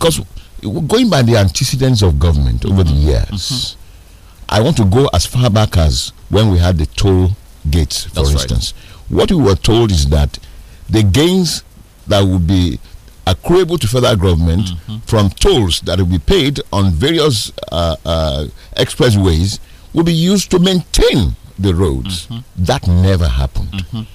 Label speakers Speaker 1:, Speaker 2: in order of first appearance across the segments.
Speaker 1: because going by the antecedents of government over the mm-hmm. years, mm-hmm. I want to go as far back as when we had the toll gates, for That's instance. Right. What we were told is that the gains that would be accruable to federal government mm -hmm. from tolls that will be paid on various uh, uh, expressways will be used to maintain the roads. Mm -hmm. That never happened. Mm -hmm.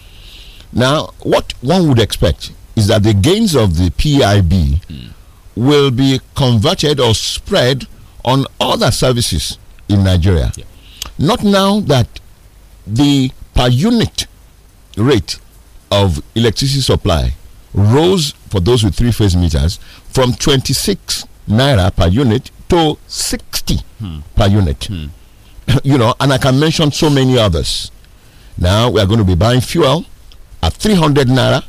Speaker 1: Now, what one would expect is that the gains of the PIB mm will be converted or spread on other services in Nigeria. Yeah. Not now that the per unit rate of electricity supply rose for those with three phase meters from 26 naira per unit to 60 hmm. per unit. Hmm. you know, and I can mention so many others. Now we are going to be buying fuel at 300 naira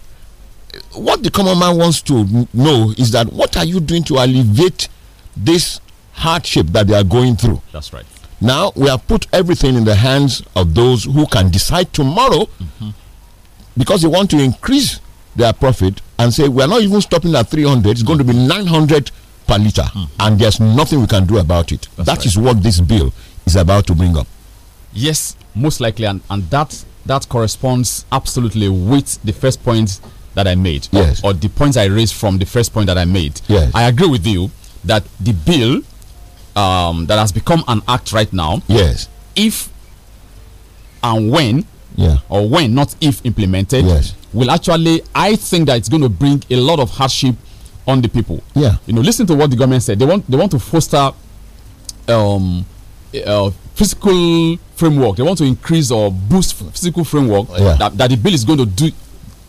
Speaker 1: what the common man wants to know is that what are you doing to alleviate this hardship that they are going through? That's right. Now we have put everything in the hands of those who can decide tomorrow mm -hmm. because they want to increase their profit and say we are not even stopping at 300 it's going to be 900 per liter mm. and there's nothing we can do about it That's that right. is what this bill is about to bring up
Speaker 2: yes most likely and, and that that corresponds absolutely with the first point that I made, yes. or, or the points I raised from the first point that I made, yes. I agree with you that the bill um, that has become an act right now, yes, if and when, yeah, or when not if implemented, yes, will actually I think that it's going to bring a lot of hardship on the people. Yeah, you know, listen to what the government said. They want they want to foster um, uh, physical framework. They want to increase or boost physical framework yeah. that, that the bill is going to do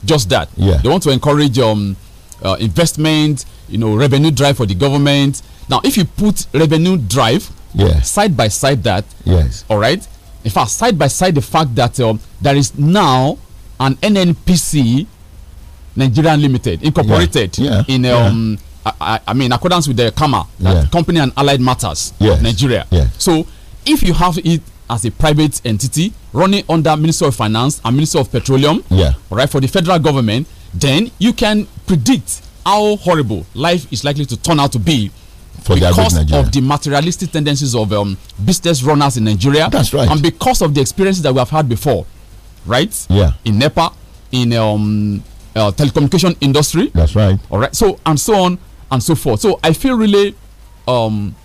Speaker 2: just that. Yeah. They want to encourage um, uh, investment, you know, revenue drive for the government. Now, if you put revenue drive yeah. side by side that, yes, all right. In fact, side by side the fact that um, there is now an NNPC Nigerian Limited incorporated yeah. Yeah. in um, yeah. I, I, mean, accordance with the CAMA, Company and Allied Matters yes. Nigeria. So, if you have it as a private entity running under Ministry of Finance and Ministry of Petroleum, yeah. right, for the federal government, then you can predict how horrible life is likely to turn out to be for because the of the materialistic tendencies of um, business runners in Nigeria. That's right. And because of the experiences that we have had before, right? Yeah. In NEPA, in um, uh, telecommunication industry. That's right. All right. So and so on and so forth. So I feel really um,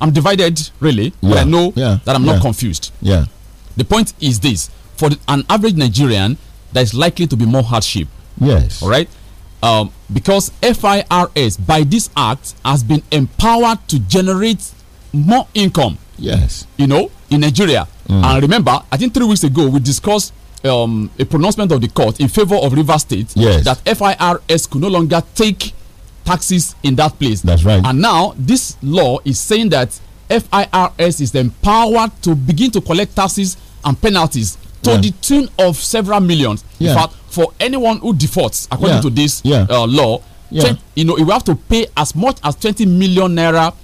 Speaker 2: I'm divided really, yeah. but I know yeah. that I'm yeah. not confused. Yeah. The point is this: for the, an average Nigerian, there is likely to be more hardship. Yes. All right. Um, because FIRS by this act has been empowered to generate more income. Yes. You know, in Nigeria. Mm. And remember, I think three weeks ago we discussed um, a pronouncement of the court in favor of River State yes. that FIRS could no longer take taxes in that place. That's right. And now this law is saying that FIRS is empowered to begin to collect taxes and penalties to yeah. the tune of several millions. Yeah. In fact, for anyone who defaults according yeah. to this uh, law, you know, you have to pay as much as 20 million naira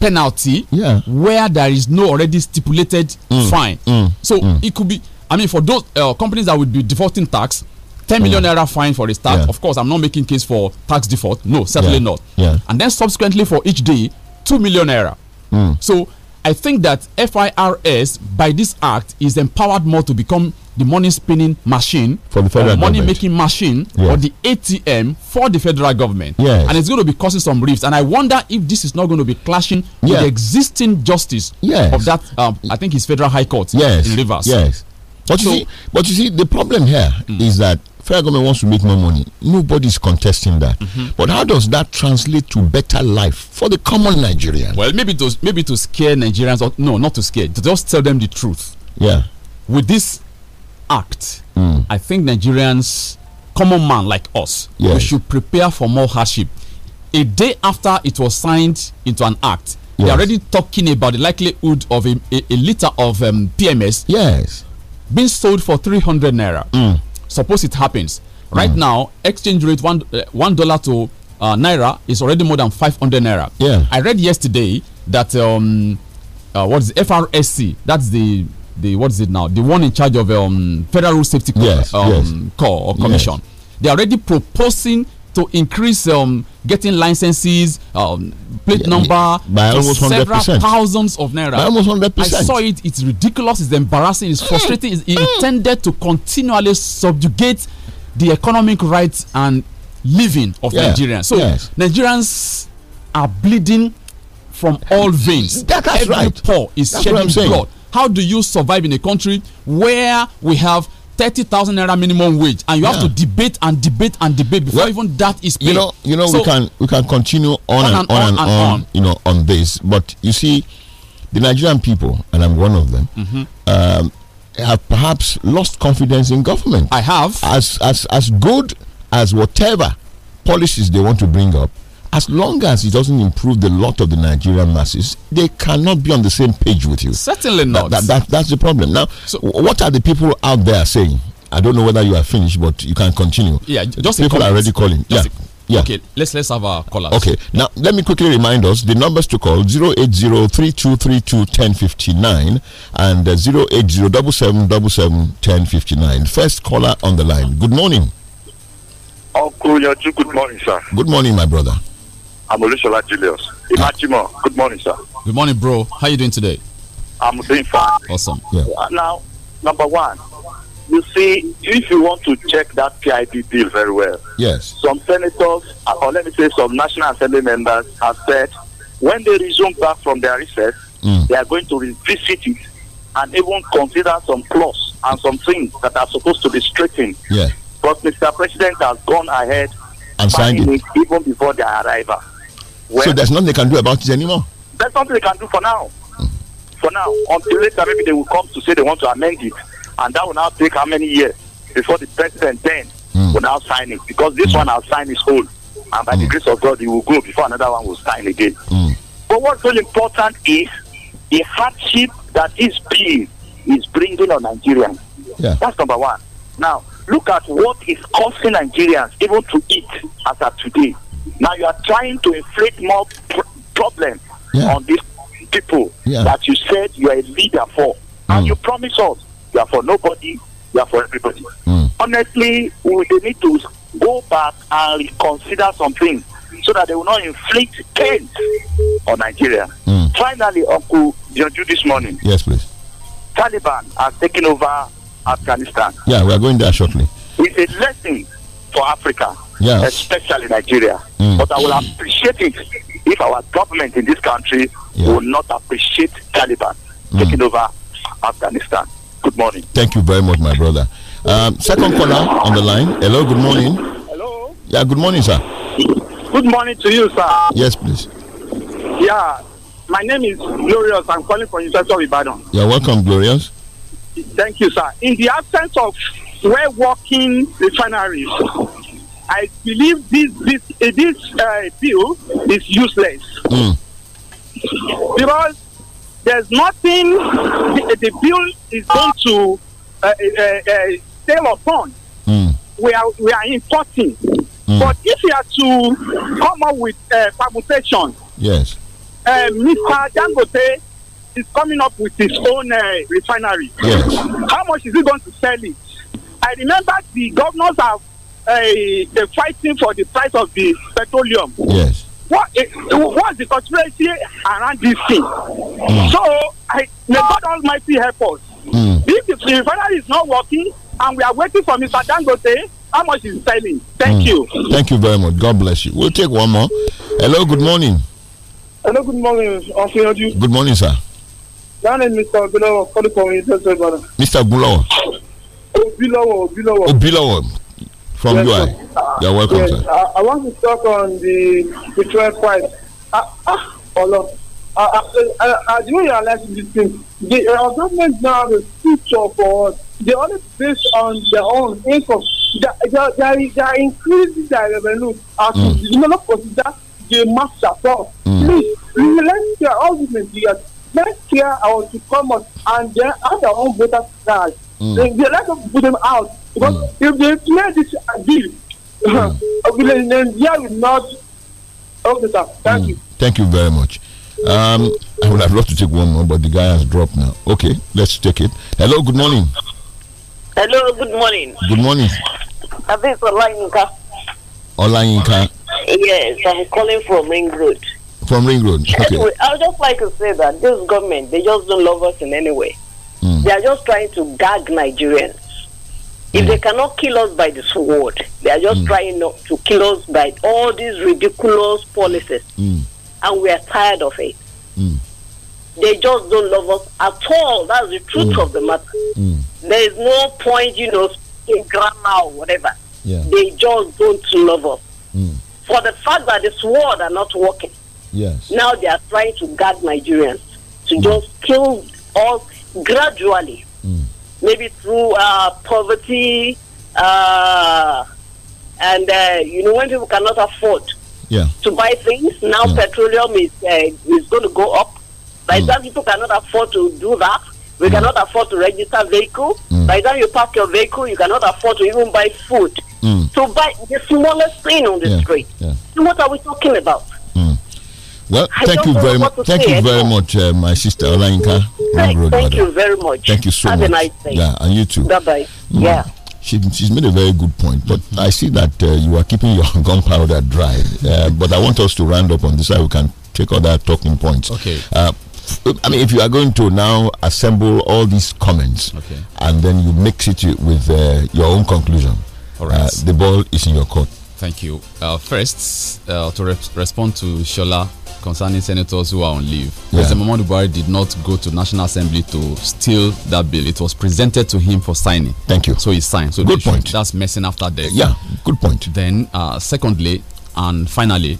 Speaker 2: penalty where there is no already stipulated mm. fine. Mm. So mm. it could be, I mean, for those uh, companies that would be defaulting tax, 10 million mm. naira fine for a start. Yeah. Of course, I'm not making case for tax default. No, certainly yeah. not. Yeah. And then subsequently for each day, 2 million naira. Mm. So I think that FIRS by this act is empowered more to become the money spinning machine for the federal money government. making machine yes. or the ATM for the federal government. Yes. And it's going to be causing some rifts. And I wonder if this is not going to be clashing with the existing justice yes. of that, um, I think it's federal
Speaker 1: high court yes. in Rivers. Yes. But so, you see, but you see, the problem here mm. is that federal government wants to make more money. Nobody's contesting that. Mm -hmm. But how does that translate to better life for the common Nigerian?
Speaker 2: Well, maybe to maybe to scare Nigerians, or no, not to scare, to just tell them the truth. Yeah. With this act, mm. I think Nigerians, common man like us, yes. we should prepare for more hardship. A day after it was signed into an act, yes. they're already talking about the likelihood of a, a, a liter of um, PMS. Yes being sold for 300 naira. Mm. Suppose it happens. Mm. Right mm. now, exchange rate one eh, one dollar to uh, naira is already more than 500 naira. Yeah. I read yesterday that um, uh, what is FRSC? That's the the what is it now? The one in charge of um, Federal Safety yes, um, yes. Corps or Commission. Yes. They are already proposing to increase um, getting licenses, um, plate yeah, number by almost several 100%. thousands of naira. By almost 100%. I saw it. It's ridiculous. It's embarrassing. It's hmm. frustrating. It's hmm. intended to continually subjugate the economic rights and living of yeah. Nigerians. So yes. Nigerians are bleeding from all veins. that's Every right. is that's shedding blood. How do you survive in a country where we have thirty thousand naira minimum wage, and you yeah. have to debate and debate and debate before well, even that is paid. You know, you know, so, we can
Speaker 1: we can continue on, on and, and, on, and, on, on, you know, on this. But you see, the Nigerian people, and I'm one of them, mm -hmm. um, have perhaps lost confidence in government. I have, as as as good as whatever policies they want to bring up as long as it doesn't improve the lot of the Nigerian masses, they cannot be on the same page with you. Certainly not. That, that, that that's the problem. Now, so, what are the people out there saying? I don't know whether you are finished, but you can continue. Yeah, just people are already calling. Just yeah.
Speaker 2: Yeah. Okay, let's let's have our caller. Okay.
Speaker 1: Now let me quickly remind us the numbers to call 08032321059 and uh, 08077771059. First caller on the line. Good morning.
Speaker 3: Uncle Yaju, good morning, sir.
Speaker 1: Good morning, my brother.
Speaker 3: I'm Olusola Julius. Imachimo, good morning, sir.
Speaker 2: Good morning, bro. How are you doing today?
Speaker 3: I'm doing fine. Awesome. Yeah. Uh, now, number one, you see, if you want to check that PID bill very well, yes, some senators, uh, or let me say, some National Assembly members have said when they resume back from their recess, mm. they are going to revisit it and even consider some clause and some things that are supposed to be straightened. Yeah. But Mr. President has gone ahead and signed it even before their arrival.
Speaker 1: Well, so there's nothing they can do about it anymore.
Speaker 3: There's nothing they can do for now. For now, until later, maybe they will come to say they want to amend it, and that will now take how many years before the president then mm. will now sign it because this hmm. one has signed his whole, and by the hmm. grace of God, he will go before another one will sign again. Hmm. But what's really important is the hardship that this bill is bringing on Nigerians. Yeah. That's number one. Now, look at what is costing Nigerians even to eat as of today. Now you are trying to inflict more pr problem yeah. on these people yeah. that you said you are a leader for. Mm. And you promise us you are for nobody, you are for everybody. Mm. Honestly, we need to go back and reconsider some things so that they will not inflict pain on Nigeria. Mm. Finally, Uncle Joju this morning. Yes, please. Taliban are taking over Afghanistan.
Speaker 1: Yeah, we are going there shortly.
Speaker 3: It's a lesson for Africa yes. especially Nigeria. Mm. But I will appreciate it if our government in this country yeah. will not appreciate Taliban mm. taking over
Speaker 1: Afghanistan. Good morning. Thank you very much, my brother. Um, second caller on the line. Hello, good morning. Hello. Yeah, good morning, sir. Good morning to you, sir. Yes, please.
Speaker 3: Yeah, my name is Glorious. I'm calling from University of you
Speaker 1: Yeah, welcome, Glorious.
Speaker 3: Thank you, sir. In the absence of well-working refineries, I believe this this eh, this uh, bill is useless mm. because there's nothing the, the, bill is going to uh, uh, sail upon. Mm. We are we are importing, mm. but if you are to come up with uh, eh, permutation, yes, Mr. Dangote is coming up with his own refinery. Yes, how much is he going to sell it? I remember the governors have Eh, the fighting for the price of the petroleum. Yes. What is, what's the conspiracy around this thing? Mm. So, I, may God Almighty help us. Mm. If the refinery is not working and we are waiting for Mr. Dangote, how much is selling? Thank mm. you.
Speaker 1: Thank you very much. God bless you. We'll take one more. Hello, good morning. Hello, good morning. Good morning, sir.
Speaker 3: My name is Mr. Gulawa, calling from Mr. Gulawa. Obilawa, Obilawa.
Speaker 1: Obilawa. From yes, UI.
Speaker 3: You're welcome, yes, sir. I, I, want to talk on the betrayal fight. Ah, ah, hold on. I, I, realize this thing. The uh, government now the future for us. They only based on their own income. They, they, they, they are increasing their revenue as mm. we do not consider the mass support. Mm. Please, relentless their argument here. Next year, I want to come and then have their own voters' cards. Mm. They, they like to put them out because mm. if they play this deal, mm. Nigeria will not. Okay, Thank
Speaker 1: mm. you. Thank you very much. Um, I would have loved to take one more, but the guy has dropped now. Okay, let's take it. Hello, good morning.
Speaker 4: Hello, good morning. Good morning. Uh, this is Olayinka.
Speaker 1: Olayinka.
Speaker 4: Yes, I'm calling from Ring Road.
Speaker 1: From Ring Road. Okay. Anyway,
Speaker 4: I would just like to say that this government, they just don't love us in any way. Mm. They are just trying to gag Nigerians. If mm. they cannot kill us by the sword, they are just mm. trying not to kill us by all these ridiculous policies. Mm. And we are tired of it. Mm. They just don't love us at all. That's the truth mm. of the matter. There is no point, you know, in grammar or whatever. Yeah. They just don't love us. For the fact that the sword are not working. Yes. Now they are trying to gag Nigerians to just kill all gradually, mm. maybe through uh, poverty, uh, and uh, you know when people cannot afford yeah. to buy things, now yeah. petroleum is uh, is going to go up. By mm. people cannot afford to do that. We mm. cannot afford to register vehicle. Mm. By the time you park your vehicle, you cannot afford to even buy food. Mm. So buy the smallest thing on the yeah. street. What are we talking about?
Speaker 1: Well, thank you, very, thank you very much. Thank you very much, my sister Olainka. Thank, thank you very much. Thank you so Have much. Have a nice day. Yeah, and you too. Bye bye. Mm. Yeah. She, she's made a very good point, but I see that uh, you are keeping your gunpowder dry. Uh, but I want us to round up on this side. We can take other talking points. Okay. Uh, I mean, if you are going to now assemble all these comments okay. and then you mix it with uh, your own conclusion, right. Uh, the ball is in your court.
Speaker 2: Thank you. Uh, first, uh, to re respond to Shola concerning senators who are on leave, yeah. President Muhammadu Buhari did not go to National Assembly to steal that bill. It was presented to him for signing. Thank you. So he signed. So good point. that's messing after death. Yeah, good point. Then, uh, secondly, and finally,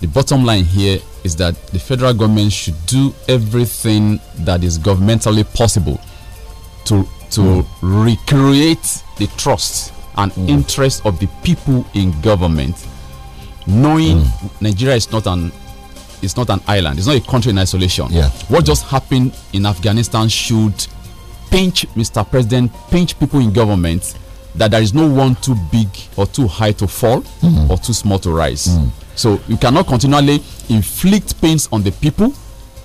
Speaker 2: the bottom line here is that the federal government should do everything that is governmentally possible to to mm. recreate the trust and mm. interest of the people in government. Knowing mm. Nigeria is not an it's not an island, it's not a country in isolation. Yeah. What just happened in Afghanistan should pinch Mr. President, pinch people in government that there is no one too big or too high to fall mm. or too small to rise. Mm. So you cannot continually inflict pains on the people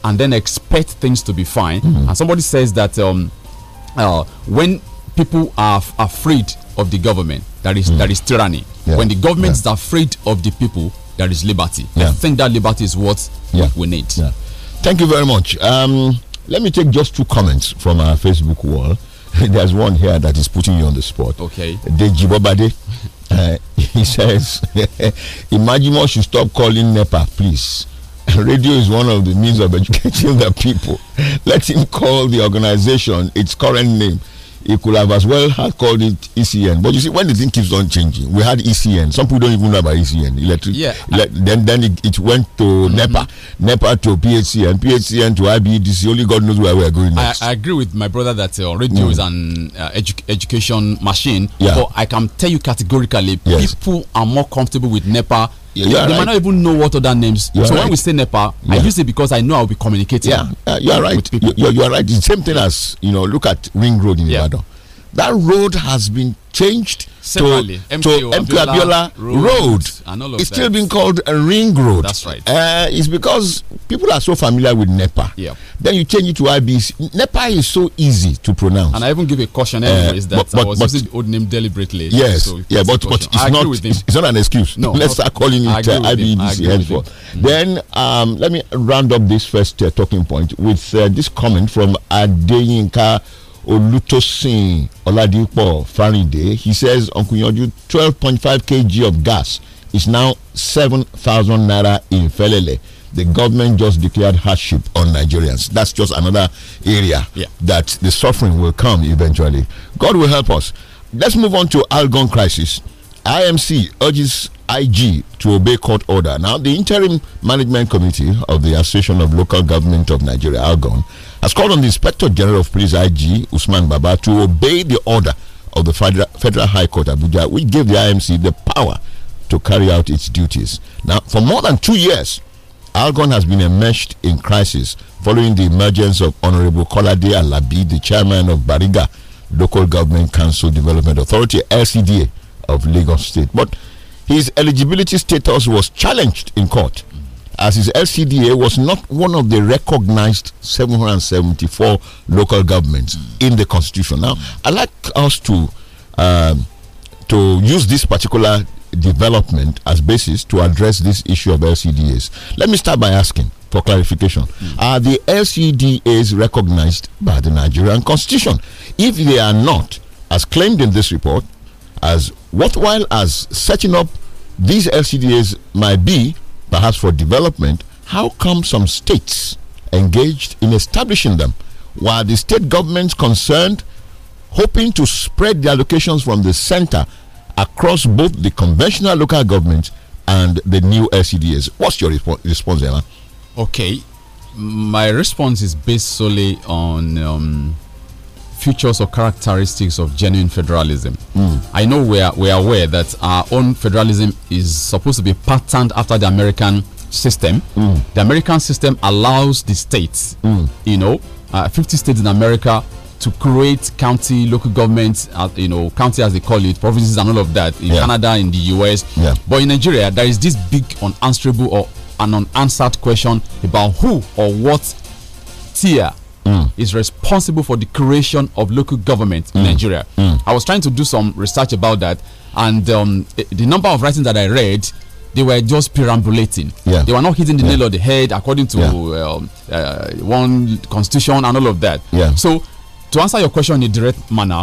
Speaker 2: and then expect things to be fine. Mm And somebody says that um, uh, when people are afraid of the government, there is mm. there is tyranny. Yeah. When the government is afraid of the people, there is liberty. Yeah. I think that liberty is what
Speaker 1: we need. Thank you very much. Um, let me take just two comments from our Facebook wall. There's one here that is putting you on the spot. Okay. Deji Bobade, uh, he says, Imagine should stop calling NEPA, please radio is one of the means of educating the people. Let him call the organization its current name he could have as well had called it ECN. But you see, when the thing keeps on changing, we had ECN. Some people don't even know about ECN. Electric. Yeah. then then it, it went to mm -hmm. NEPA, NEPA to PHCN, PHCN to IBDC. Only God knows where we're going next.
Speaker 2: I, I, agree with my brother that uh, radio mm. is an uh, edu education machine. Yeah. But I can tell you categorically, yes. people are more comfortable with NEPA you they right. might not even know what other names. so right. when we say Nepal,
Speaker 1: yeah. I use it because I know I'll be communicating. Yeah, uh, you are right. You, you, are right. the same thing as you know. Look at Ring Road in yeah. Ibadan that road has been changed Similarly, to, to Abiola, Road. road. It's still being called a ring road. That's right. Uh, it's because people are so familiar with NEPA. Yeah. Then you change it to IBC. NEPA is so easy to pronounce.
Speaker 2: And I even give a caution uh, that but, but, I was but, using the old name deliberately. Yes. So yeah, but, but it's, not,
Speaker 1: it's, not an excuse. No, Let's start calling it uh, IBC mm. Then um, let me round up this first uh, talking point with uh, this comment from Adeyinka Olutosin Oladipo Farinde. He says Uncle Yonju 12.5 kg of gas is now 7,000 naira in Felele. The government just declared hardship on Nigerians. That's just another area yeah. that the suffering will come eventually. God will help us. Let's move on to Algon crisis. IMC urges IG to obey court order. Now, the interim management committee of the Association of Local Government of Nigeria, Algon, has called on the Inspector General of Police IG Usman Baba to obey the order of the Federal, Federal High Court Abuja, which gave the IMC the power to carry out its duties. Now, for more than two years, Algon has been enmeshed in crisis following the emergence of Honorable Kolade Alabi, the chairman of Bariga Local Government Council Development Authority, LCDA of Lagos State. But his eligibility status was challenged in court as his LCDA was not one of the recognized 774 local governments mm. in the constitution. Now, I'd like us to um, to use this particular development as basis to address this issue of LCDAs. Let me start by asking for clarification. Mm. Are the LCDAs recognized by the Nigerian constitution? If they are not, as claimed in this report, as worthwhile as setting up these LCDAs might be, perhaps for development, how come some states engaged in establishing them while the state governments concerned hoping to spread the allocations from the center across both the conventional local government and the new LCDs? What's your resp response, Ella?
Speaker 2: Okay, my response is based solely on um, features or characteristics of genuine federalism. Mm. I know we are, we are aware that our own federalism is supposed to be patterned after the American system. Mm. The American system allows the states, mm. you know, uh, 50 states in America to create county, local governments, uh, you know, county as they call it, provinces and all of that in yeah. Canada, in the US. Yeah. But in Nigeria, there is this big unanswerable or an unanswered question about who or what tier Mm. is responsible for the creation of local government in mm. Nigeria. Mm. I was trying to do some research about that, and um, eh, the number of writings that I read they were just perambulating. Yeah. They were not hitting the yeah. nail on the head according to yeah. Um, uh, one constitution and all of that. So, to answer your question in a direct manner,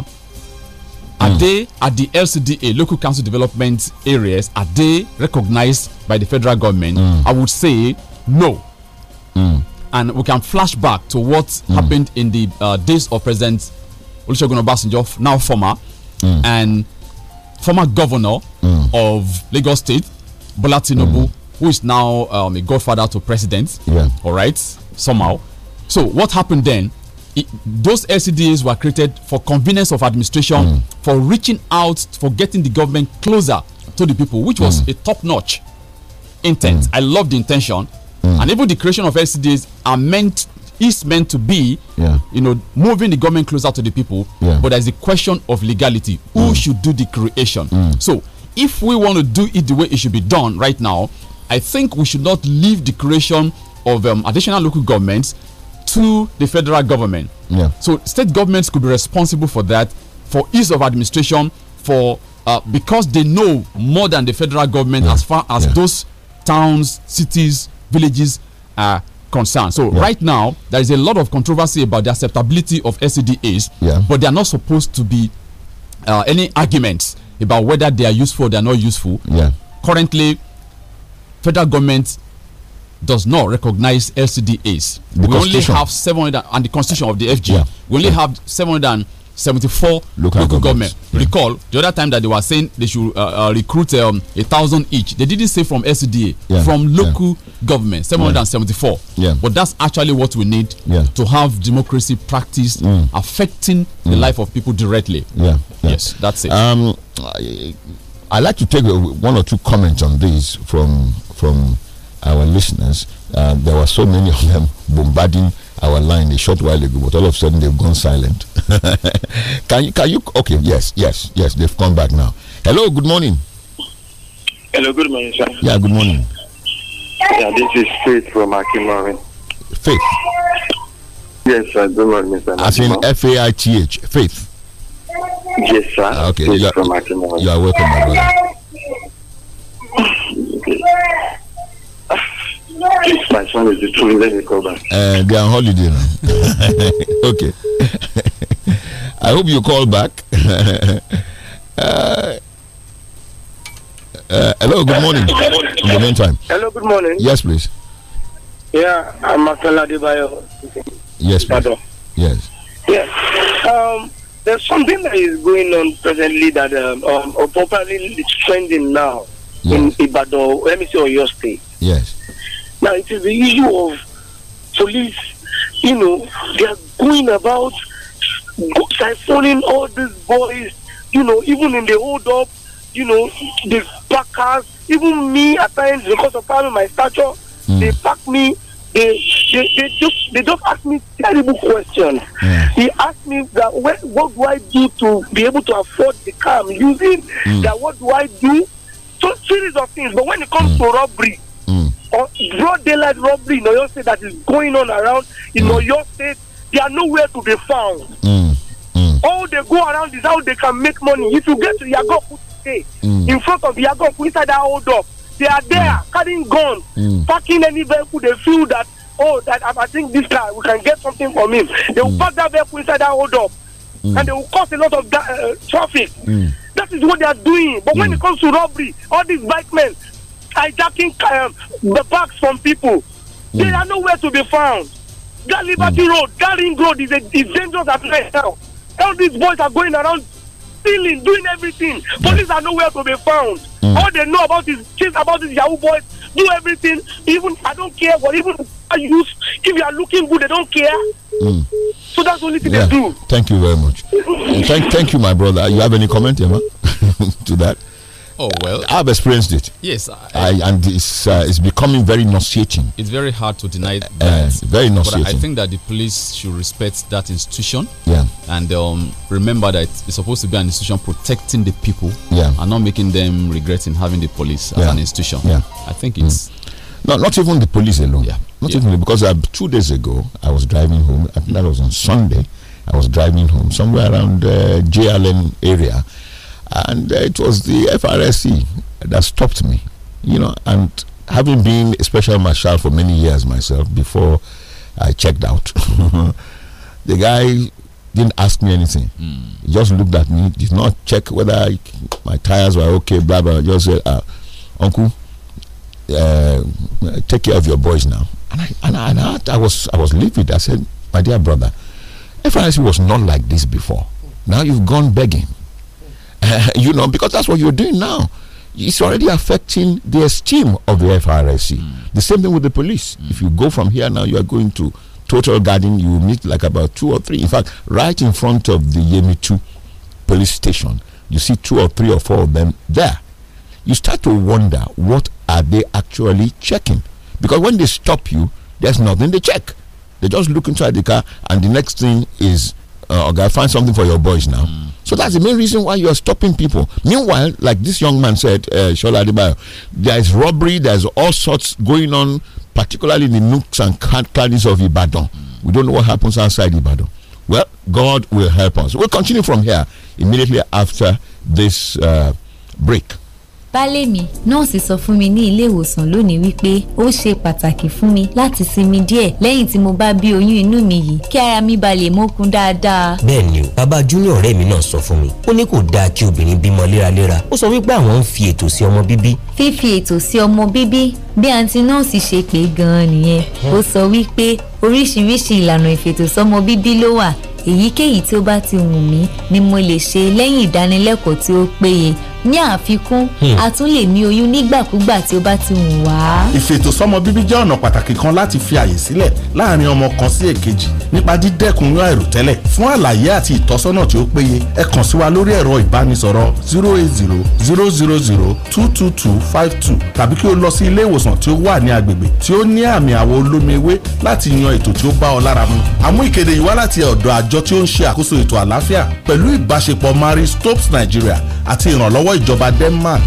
Speaker 2: are mm. they at the LCDA, local council development areas, are they recognized by the federal government? Mm. I would say no. Mm and we can flash back to what mm. happened in the uh, days of President Olusegun Obasanjo, now former, mm. and former governor mm. of Lagos State, Bola Tinubu, hmm. who is now um, a godfather to president. Yeah. All right, somehow. So what happened then? It, those LCDs were created for convenience of administration, hmm. for reaching out, for getting the government closer to the people, which was hmm. a top-notch intent. I love the intention Mm. And even the creation of SCDs are meant is meant to be, yeah. you know, moving the government closer to the people. Yeah. But there's a question of legality. Who mm. should do the creation? Mm. So if we want to do it the way it should be done right now, I think we should not leave the creation of um, additional local governments to the federal government. Yeah. So state governments could be responsible for that, for ease of administration, for uh, because they know more than the federal government yeah. as far as yeah. those towns, cities, villages are concerned. So yeah. right now, there is a lot of controversy about the acceptability of SCDAs, yeah. but they are not supposed to be uh, any arguments about whether they are useful or they are not useful. Yeah. Currently, federal government does not recognize LCDAs. The we only have 700 and the constitution of the FG. Yeah. We only yeah. have 700 74 local, local government. Yeah. Recall the other time that they were saying they should uh, uh, recruit um, a thousand each. They didn't say from SDA, yeah. from local yeah. government, 774. Yeah. But that's actually what we need to have democracy practiced, mm. affecting mm. the life of people directly.
Speaker 1: Yeah. Yes, that's it. Um, I, I like to take one or two comments on this from from our listeners. Uh, there were so many of them bombarding our line a short while ago, but all of a sudden they've gone silent. can you? Can you? Okay. Yes. Yes. Yes. They've come back now. Hello. Good morning.
Speaker 3: Hello. Good morning, sir.
Speaker 1: Yeah. Good morning.
Speaker 3: Yeah. This is Faith from Akimori. Faith. Yes, sir. Good morning, Mr. As
Speaker 1: in F A I T H. Faith. Yes, sir. Ah, okay. you are, from Akimori. You are welcome, my
Speaker 5: brother. My
Speaker 1: son is the Let me call back. Uh, they are on holiday now. okay. I hope you call back. uh, uh, hello, good morning. In the meantime.
Speaker 3: Hello, good morning. Yes, please. Yeah, I'm Akela Debayo. Yes, please. Yes. Yes. Um, there's something that is going on presently that um, um oh, probably is trending now yes. in Ibadan. Let me say, Oyo State. Yes now it is the issue of police, you know, they are going about siphoning all these boys, you know, even in the hold up, you know, the packers, even me at times because of having my stature, mm. they pack me, they, they, they just they just ask me terrible questions. They ask me that what, what do I do to be able to afford the car I'm using? Mm. That what do I do? So series of things. But when it comes mm. to robbery, or broad daylight robbery in Oyo State that is going on around in New mm. Oyo State, they are nowhere to be found. Mm. Mm. All they go around is how they can make money. If you get to Yagoku today, mm. in front of Yagoku inside that hold up, they are there mm. carrying guns, mm. packing any vehicle they feel that oh that I think this guy we can get something from him. They will pack that vehicle inside that hold up, and they will cause a lot of uh, traffic. That is what they are doing. But when it comes to robbery, all these bike men, hijacking um, the bags from people. Mm. They are nowhere to be found. That Liberty mm. Road, that Ring Road is, a, is dangerous at night now. All these boys are going around stealing, doing everything. Hmm. Police are nowhere to be found. Mm. All they know about is chase about these Yahoo boys, do everything. Even I don't care what even I use. If you are looking good, they don't care. Mm. So that's the only thing yeah. they do.
Speaker 1: Thank you very much. thank, thank you, my brother. You have any comment, Emma, to that? Oh well, I've experienced it. Yes, I, I and it's uh, it's becoming very nauseating.
Speaker 2: It's very hard to deny uh, that. Uh, very nauseating. But I think that the police should respect that institution. Yeah. And um, remember that it's supposed to be an institution protecting the people. Yeah. And not making them regretting
Speaker 1: having the police as yeah. an institution. Yeah. I think it's. Mm. No, not even the police alone. Yeah. Not yeah. even because uh, two days ago I was driving home. I think that was on Sunday. I was driving home somewhere around uh, JLN area and uh, it was the FRSC that stopped me, you know. And having been a special marshal for many years myself before I checked out, the guy didn't ask me anything. Mm. He just looked at me, did not check whether I, my tires were okay, blah blah. Just said, uh, "Uncle, uh, take care of your boys now." And I and, I, and I, I was I was livid. I said, "My dear brother, FRC was not like this before. Now you've gone begging." uh, you know, because that's what you're doing now. It's already affecting the esteem of the FRSC. Mm. The same thing with the police. Mm. If you go from here now, you are going to total garden. You meet like about two or three. In fact, right in front of the Yemitu police station, you see two or three or four of them there. You start to wonder what are they actually checking? Because when they stop you, there's nothing they check. They just look inside the car, and the next thing is uh, guy, find something for your boys now. Mm. So that's the main reason why you are stopping people. Meanwhile, like this young man said, uh, Shola Adibayo, there is robbery, there's all sorts going on, particularly in the nooks and crannies of Ibadan. Mm. We don't know what happens outside Ibadan. Well, God will help us. We'll continue from here immediately after this uh, break.
Speaker 6: baálé mi nọ́ọ̀sì sọ fún mi ní ilé ìwòsàn lónìí wípé ó ṣe pàtàkì fún mi láti sinmi díẹ̀ lẹ́yìn tí mo bá bí oyún inú mi yìí kí ara mi ba lè mókun dáadáa.
Speaker 7: bẹ́ẹ̀ni o bàbá junior ọ̀rẹ́ mi náà sọ fún mi ó ní kò dáa kí obìnrin bímọ léraléra ó sọ wípé àwọn ń fi ètò sí ọmọ bíbí
Speaker 6: fífi ètò sí ọmọ bíbí bí àǹtí nọ́ọ̀sì ṣe pé gan-an nìyẹn ó sọ wípé oríṣiríṣi ìlànà ìfètòsọ́mọ bíbí ló wà èyíkéyìí tí ó bá ti wù mí ni mo lè ṣe lẹ́yìn ìdánilẹ́kọ̀ọ́ tí ó péye ní àfikún hmm. a tún lè ní oyún nígbàkúgbà tí ó bá ti wù wá.
Speaker 8: ìfètò sọ́mọ bíbí jẹ́ ọ̀nà pàtàkì kan láti fi àyè sílẹ̀ láàrin ọmọ kan sí èkejì nípa dídẹ́kun oyún àìròtẹ́lẹ̀ fún àlàyé àti ìtọ́sọ́nà tí ó péye ẹ kàn sí wa lórí ẹ̀rọ ìbánisọ̀rọ̀ zero eight zero zero zero zero two two two five two tàbí kí o lọ sí ilé ìwòsàn tí ó wà ní agbègbè tí ó ní àmì àwọ̀ olómi ewé láti yan ètò tí ó bá ọ lára mu. àmú ìkéde yìí wá láti ọ̀dọ̀ àjọ tí ó ń ṣe àkóso ètò àlàáfíà
Speaker 7: pẹ̀lú ìbáṣepọ̀ Marie Stopes Nigeria àti ìrànlọ́wọ́ ìjọba Denmark.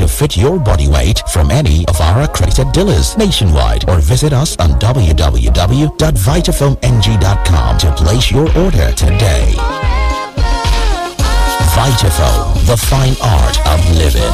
Speaker 9: to fit your body weight from any of our accredited dealers nationwide or visit us on www.vitafilmng.com to place your order today. Vitafilm: the fine art of living.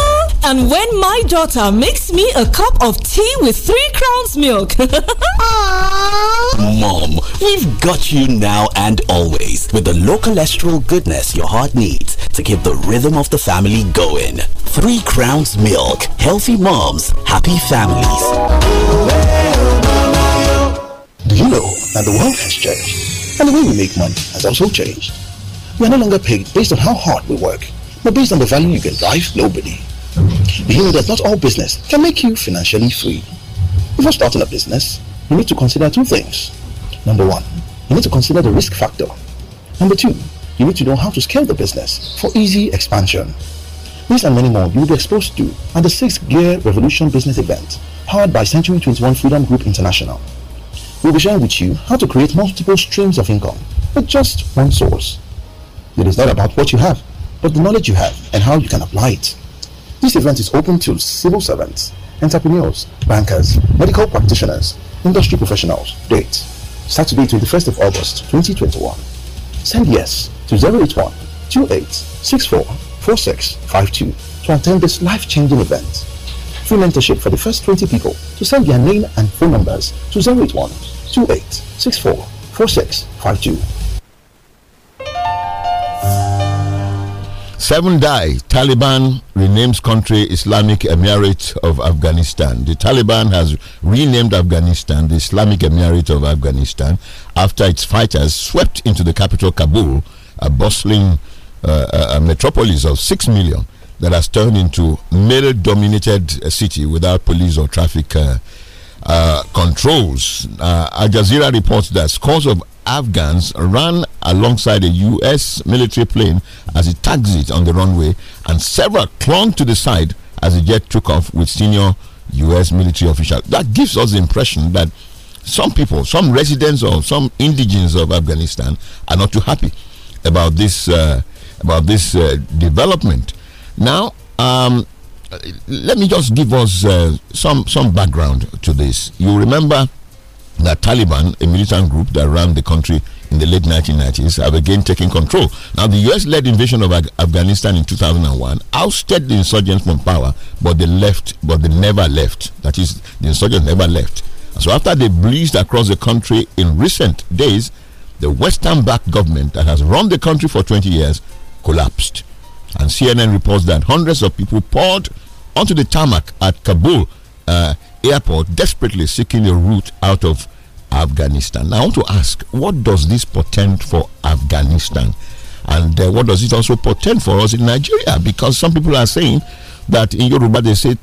Speaker 4: and when my daughter makes me a cup of tea with three crowns milk.
Speaker 10: Mom, we've got you now and always with the low cholesterol goodness your heart needs to keep the rhythm of the family going. Three crowns milk. Healthy moms, happy families. Do you know that the world has changed and the way we make money has also
Speaker 9: changed? We are no longer paid based on how hard we work, but based on the value you can drive globally. You know that not all business can make you financially free. Before starting a business, you need to consider two things. Number one, you need to consider the risk factor. Number two, you need to know how to scale the business for easy expansion. These and many more you will be exposed to at the 6th Gear Revolution Business Event powered by Century 21 Freedom Group International. We'll be sharing with you how to create multiple streams of income with just one source. It is not about what you have, but the knowledge you have and how you can apply it. This event is open to civil servants, entrepreneurs, bankers, medical practitioners, industry professionals. Date Saturday, 21st of August 2021. Send yes to 081 28644652 to attend this life changing event. Free mentorship for the first 20 people to send their name and phone numbers
Speaker 1: to 081 28644652 Seven die. Taliban renames country Islamic Emirate of Afghanistan. The Taliban has renamed Afghanistan the Islamic Emirate of Afghanistan after its fighters swept into the capital Kabul, a bustling uh, uh a metropolis of six million that has turned into male-dominated uh, city without police or traffic uh, uh, controls. Uh, Al Jazeera reports that scores of Afghans ran alongside a U.S. military plane as it taxied on the runway, and several clung to the side as the jet took off with senior U.S. military officials. That gives us the impression that some people, some residents or some indigenes of Afghanistan, are not too happy about this uh, about this uh, development. Now. Um, uh, let me just give us uh, some some background to this. You remember that Taliban, a militant group that ran the country in the late 1990s, have again taken control. Now, the US-led invasion of Afghanistan in 2001 ousted the insurgents from power, but they left, but they never left. That is, the insurgents never left. So after they breezed across the country in recent days, the Western-backed government that has run the country for 20 years collapsed. And CNN reports that hundreds of people poured onto the tarmac at Kabul uh, airport, desperately seeking a route out of Afghanistan. I want to ask, what does this portend for Afghanistan? And uh, what does it also portend for us in Nigeria? Because some people are saying that in Yoruba they say, in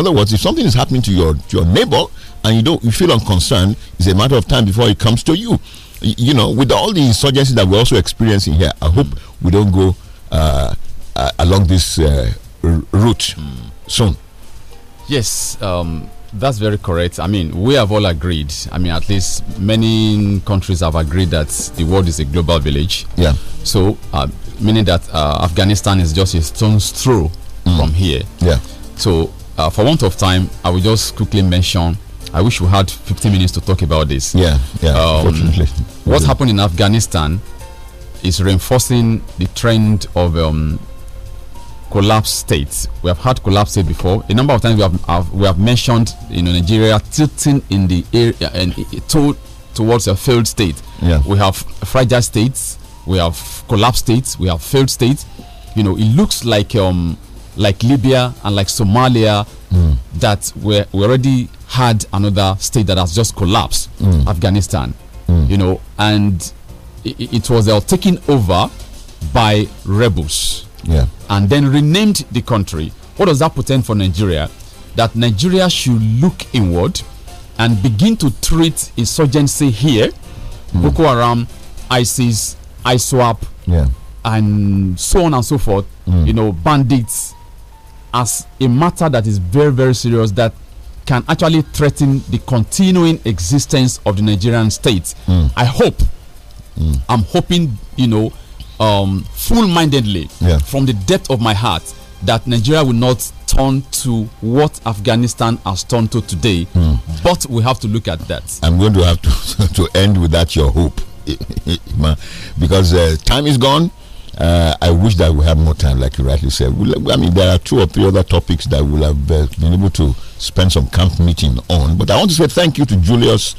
Speaker 1: other words, if something is happening to your to your neighbor and you don't you feel unconcerned, it's a matter of time before it comes to you you know, with all the insurgency that we're also experiencing here, I hope we don't go uh, uh, along this uh, route mm. soon.
Speaker 2: Yes, um, that's very correct. I mean, we have all agreed. I mean, at least many countries have agreed that the world is a global village. Yeah. So, uh, meaning that uh, Afghanistan is just a stone's throw mm. from here. Yeah. So, uh, for want of time, I will just quickly mention I wish we had 15 minutes to talk about this. Yeah, yeah. Um, unfortunately, what happened in Afghanistan is reinforcing the trend of um, collapse states. We have had collapse states before. A number of times we have, have we have mentioned you know Nigeria tilting in the area and to, towards a failed state. Yeah. We have fragile states. We have collapse states. We have failed states. You know, it looks like um, like Libya and like Somalia mm. that we we already had another state that has just collapsed, mm. Afghanistan. Hmm. You know, and it, it was all uh, taken over by rebels. Yeah. And then renamed the country. What does that portend for Nigeria? That Nigeria should look inward and begin to treat insurgency here, mm. Boko Haram, ISIS, ISWAP, yeah. and so on and so forth, mm. you know, bandits as a matter that is very, very serious that can actually threaten the continuing existence of the Nigerian state. Mm. I hope, mm. I'm hoping, you know, um, full mindedly yeah. from the depth of my heart that Nigeria will not turn to what Afghanistan has turned to today. Mm. But we have to look at that.
Speaker 1: I'm going to have to, to end with that, your hope. because uh, time is gone. Uh, I wish that we had more time, like you rightly said. we I mean, there are two or three other topics that we'll have uh, been able to spend some camp meeting on. But I want to say thank you to Julius,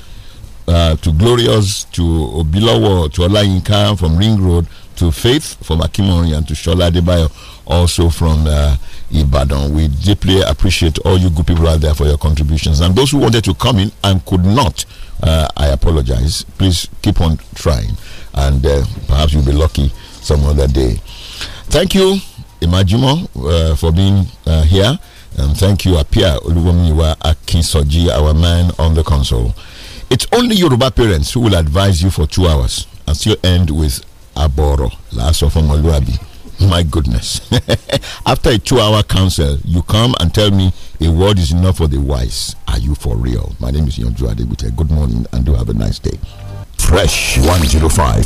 Speaker 1: uh, to Glorious, to Obilowo, to Olayinka from Ring Road, to Faith from Akimori, and to Shola Adebayo, also from uh, Ibadan. We deeply appreciate all you good people out there for your contributions. And those who wanted to come in and could not, uh, I apologize. Please keep on trying, and uh, perhaps you'll be lucky some other day. Thank you, Imajimo, uh, for being uh, here. And thank you, Apia Oluwamiwa Akisoji, our man on the console. It's only Yoruba parents who will advise you for two hours and still end with Aboro, last of Omoluabi. My goodness. After a two hour council, you come and tell me a word is enough for the wise. Are you for real? My name is Yonju Adebute. Good morning and do have a nice day. Fresh 105.9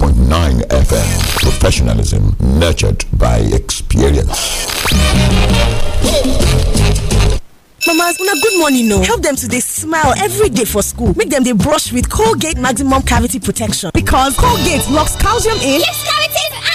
Speaker 1: FM. Professionalism nurtured by experience.
Speaker 11: Mamas, una good morning, no. Help them to they smile every day for school. Make them they brush with Colgate Maximum Cavity Protection because Colgate locks calcium in. Yes,
Speaker 5: cavities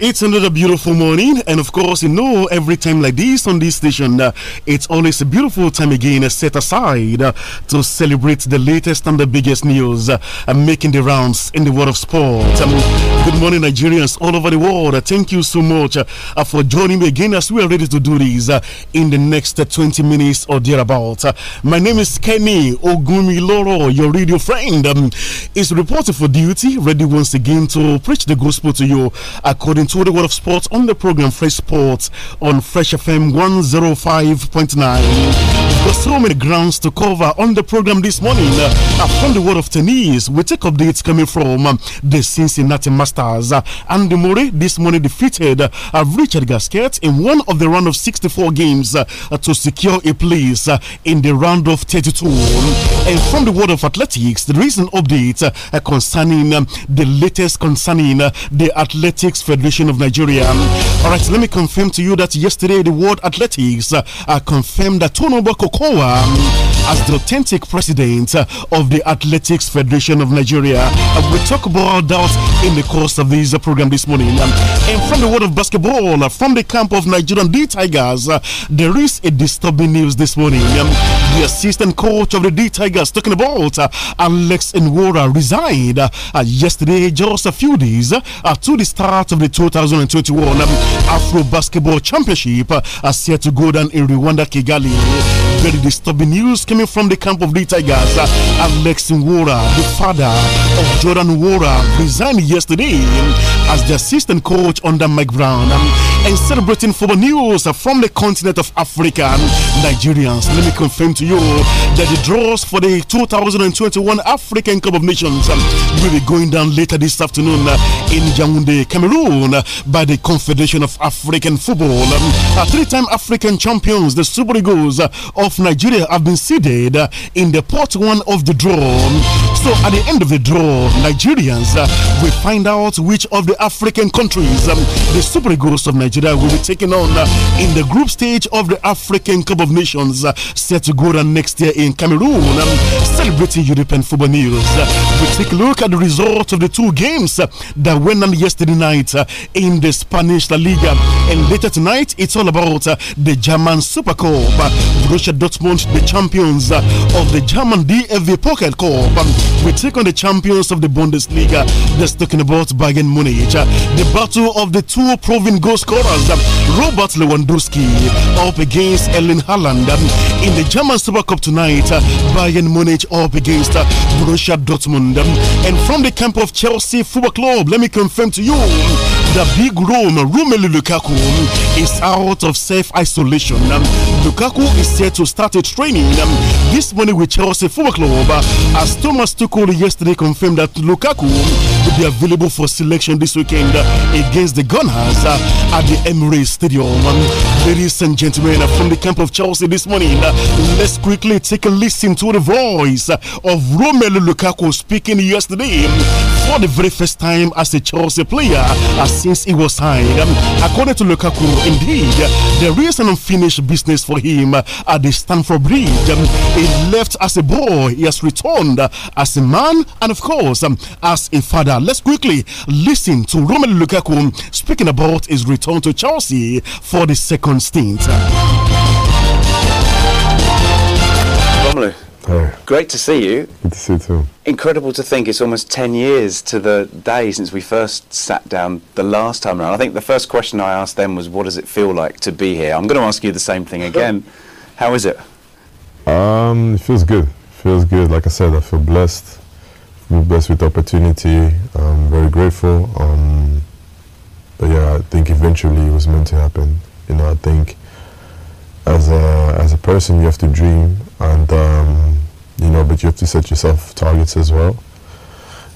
Speaker 8: it's another beautiful morning, and of course, you know, every time like this on this station, uh, it's always a beautiful time again uh, set aside uh, to celebrate the latest and the biggest news uh, making the rounds in the world of sport. Um, good morning, Nigerians all over the world. Uh, thank you so much uh, for joining me again as we are ready to do this in the next 20 minutes or thereabout. my name is Kenny Ogumiloro, your radio friend, um, is reported for duty, ready once again to preach the gospel to you according into the world of sports on the program Fresh Sports on Fresh FM 105.9. There's so many grounds to cover on the program this morning. Uh, from the world of tennis, we take updates coming from um, the Cincinnati Masters. Uh, Andy Murray this morning defeated uh, Richard Gasquet in one of the round of 64 games uh, to secure a place uh, in the round of 32. And from the world of athletics, the recent update uh, concerning um, the latest concerning uh, the Athletics Federation of Nigeria. All right, let me confirm to you that yesterday the World Athletics confirmed that Tonobo Koko 好啊。as the authentic president of the Athletics Federation of Nigeria. We talk about that in the course of this program this morning. And from the world of basketball, from the camp of Nigerian D Tigers, there is a disturbing news this morning. The assistant coach of the D Tigers, talking about uh, Alex Nwora, resigned uh, yesterday, just a few days uh, to the start of the 2021 um, Afro Basketball Championship, set to go down in Rwanda, Kigali. Very disturbing news coming from the camp of the Tigers, Alex Nwora, the father of Jordan Nwora, resigned yesterday as the assistant coach under Mike Brown. and celebrating football news from the continent of Africa, Nigerians, let me confirm to you that the draws for the 2021 African Cup of Nations will be going down later this afternoon in Yaoundé, Cameroon, by the Confederation of African Football. Three-time African champions, the Super Eagles of Nigeria, have been seeded ended uh, in the part one of the draw. So at the end of the draw, Nigerians uh, will find out which of the African countries um, the Super Eagles of Nigeria will be taking on uh, in the group stage of the African Cup of Nations set to go down next year in Cameroon. Um, celebrating European football news, we take a look at the results of the two games that went on yesterday night in the Spanish La Liga. And later tonight, it's all about the German Super Cup. Borussia Dortmund, the champions champions uh, of the German DFB Pocket Cup. Um, we take on the champions of the Bundesliga. Just talking about Bayern Munich. Uh, the battle of the two proven goal scorers, um, Robert Lewandowski up against Ellen Haaland. Um, in the German Super Cup tonight, uh, Bayern Munich up against Borussia Dortmund. And from the camp of Chelsea Football Club, let me confirm to you the big room, Romelu Lukaku, is out of self isolation. Um, Lukaku is set to start a training um, this morning with Chelsea Football Club. Uh, as Thomas Tuchel yesterday confirmed that Lukaku will be available for selection this weekend against the Gunners at the Emirates Stadium. Ladies and gentlemen, from the camp of Chelsea this morning, let's quickly take a listen to the voice of Romelu Lukaku speaking yesterday for the very first time as a Chelsea player since he was signed. According to Lukaku, indeed, there is an unfinished business for him at the Stanford Bridge. He left as a boy, he has returned as a man, and of course, as a father. Let's quickly listen to Romelu Lukaku speaking about his return to Chelsea for the second stint.
Speaker 9: Romelu. Hey. Great to see you.
Speaker 12: Good to see you too.
Speaker 9: Incredible to think it's almost 10 years to the day since we first sat down the last time around. I think the first question I asked them was, What does it feel like to be here? I'm going to ask you the same thing again. How
Speaker 5: is it?
Speaker 12: Um, it feels good. It feels good. Like I said, I feel blessed we're blessed with opportunity. I'm very grateful. Um, but yeah, I think eventually it was meant to happen. You know, I think as a as a person, you have to dream, and um, you know, but you have to set yourself targets as well.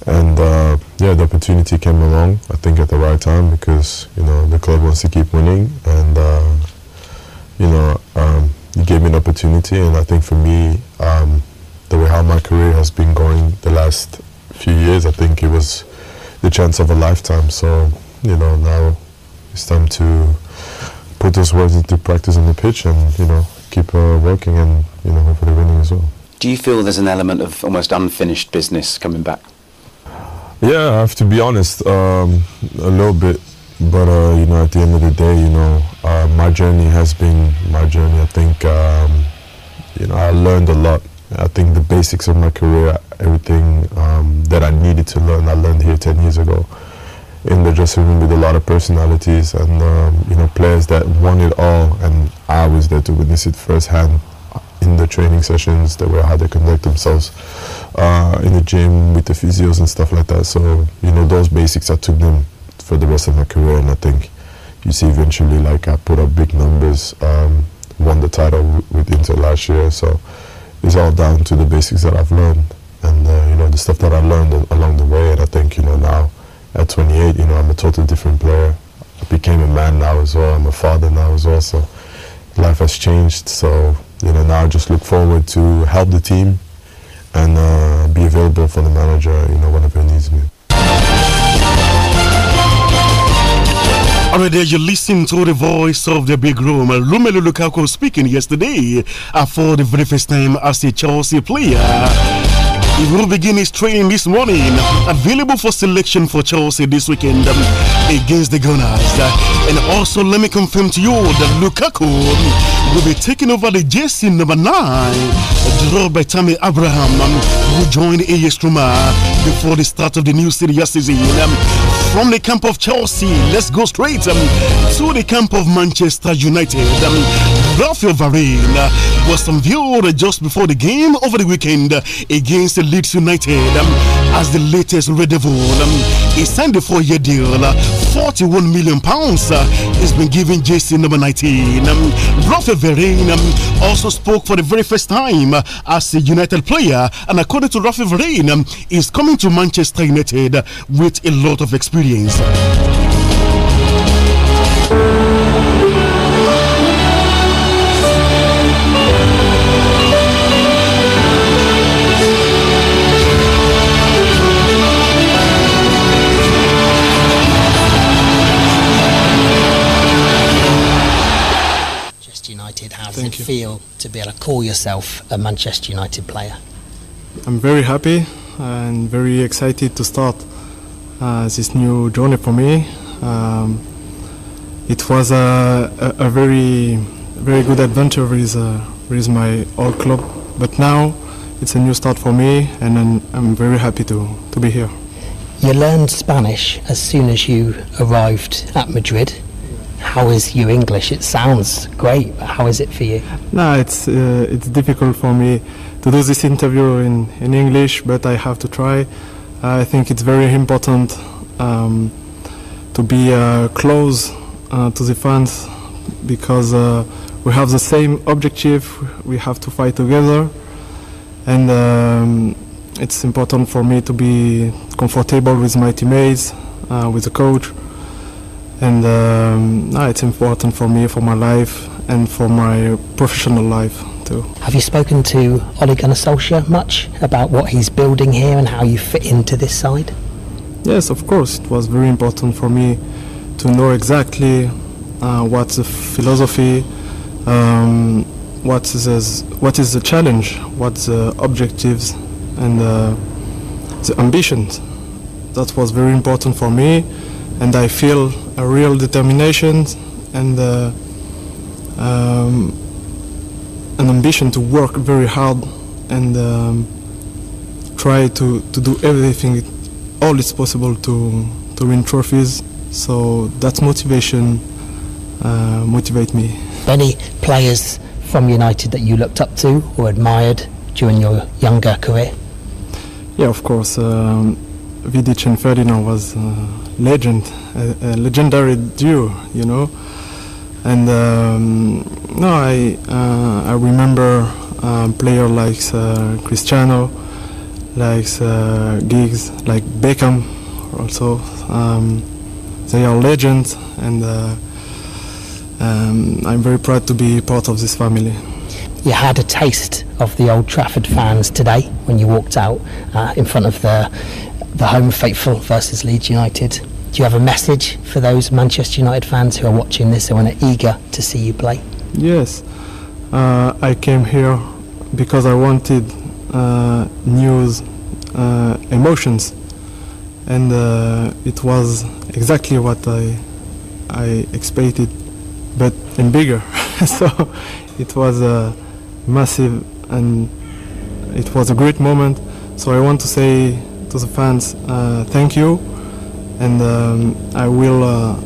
Speaker 12: And uh, yeah, the opportunity came along. I think at the right time because you know the club wants to keep winning, and uh, you know, um, it gave me an opportunity. And I think for me, um, the way how my career has been going the last few years, I think it was the chance of a lifetime. So, you know, now it's time to put those words into practice on the pitch and, you know, keep uh, working and, you know, hopefully winning as well.
Speaker 9: Do you feel there's an element of almost unfinished business coming
Speaker 2: back?
Speaker 12: Yeah, I have to be honest, um, a little bit. But, uh, you know, at the end of the day, you know, uh, my journey has been my journey. I think, um, you know, I learned a lot I think the basics of my career, everything um, that I needed to learn, I learned here 10 years ago in the dressing room with a lot of personalities and um, you know players that won it all, and I was there to witness it firsthand in the training sessions that were how they conduct themselves uh, in the gym with the physios and stuff like that. So you know those basics I took them for the rest of my career, and I think you see eventually like I put up big numbers, um, won the title with Inter last year, so it's all down to the basics that I've learned and uh, you know the stuff that I learned along the way. And I think you know now at 28, you know I'm a totally different player. I became a man now as well. I'm a father now as well. So life has changed. So you know now I just look forward to help the team and uh, be available for the manager. You know whenever he needs me.
Speaker 8: Already, as you listen to the voice of the big room. Lumelu Lukaku speaking yesterday uh, for the very first time as a Chelsea player. He will begin his training this morning. Available for selection for Chelsea this weekend um, against the Gunners. Uh, and also, let me confirm to you that Lukaku will be taking over the jersey number nine, drawn by Tammy Abraham, um, who joined AS Roma before the start of the new Serie season. Um, from the camp of Chelsea, let's go straight um, to the camp of Manchester United. Um, Rafael Varane was unveiled just before the game over the weekend against Leeds United um, as the latest Red Devil. Um, he signed a four-year deal, uh, 41 million pounds has uh, been given JC number 19. Um, Rafael Varane um, also spoke for the very first time uh, as a United player, and according to Rafael Varane, is he's coming to Manchester United with a lot of experience.
Speaker 13: Thank you, feel to be able to call yourself a Manchester United player? I'm very happy and
Speaker 14: very excited to start uh, this new journey for me. Um, it was a, a, a, very, very good adventure with, uh, with my old club, but now it's a new start for me, and I'm, I'm very happy
Speaker 13: to, to be here. You learned Spanish as soon as you arrived at Madrid how is your English? It sounds great, but how is it for you? No, it's
Speaker 14: uh, it's difficult for me to do this interview in, in English, but I have to try. I think it's very important um, to be uh, close uh, to the fans because uh, we have the same objective. We have to fight together, and um, it's important for me to be comfortable with my teammates, uh, with the coach and um, no, it's important for me for my life and for my professional life
Speaker 13: too. Have you spoken to Ole Gunnar Solskjaer much about what he's building here and how you fit into this side?
Speaker 14: Yes, of course. It was very important for me to know exactly uh, what's the philosophy, um, what is the, what is the challenge, what's the objectives, and uh, the ambitions. That was very important for me, and I feel a real determination and uh, um, an ambition to work very hard and um, try to, to do everything all it's possible to to win trophies so that
Speaker 13: motivation uh, motivate me any players from united that you looked up to or admired during your younger career yeah of course
Speaker 14: um, vidic and ferdinand was uh, legend, a, a legendary duo, you know. And um, no, I uh, I remember um, player like uh, Cristiano, like uh, Giggs, like Beckham, also. Um, they are legends, and uh, um, I'm very proud to be part of this family
Speaker 13: you had a taste of the Old Trafford fans today when you walked out uh, in front of the the home faithful versus Leeds United. Do you have a message for those Manchester United fans who are watching this and are eager to see you play? Yes, uh, I
Speaker 14: came here because I wanted uh, news, uh, emotions, and uh, it was exactly what I I expected, but in bigger. so it was a massive and it was a great moment. So I want to say to the fans, uh, thank you, and um, I will uh,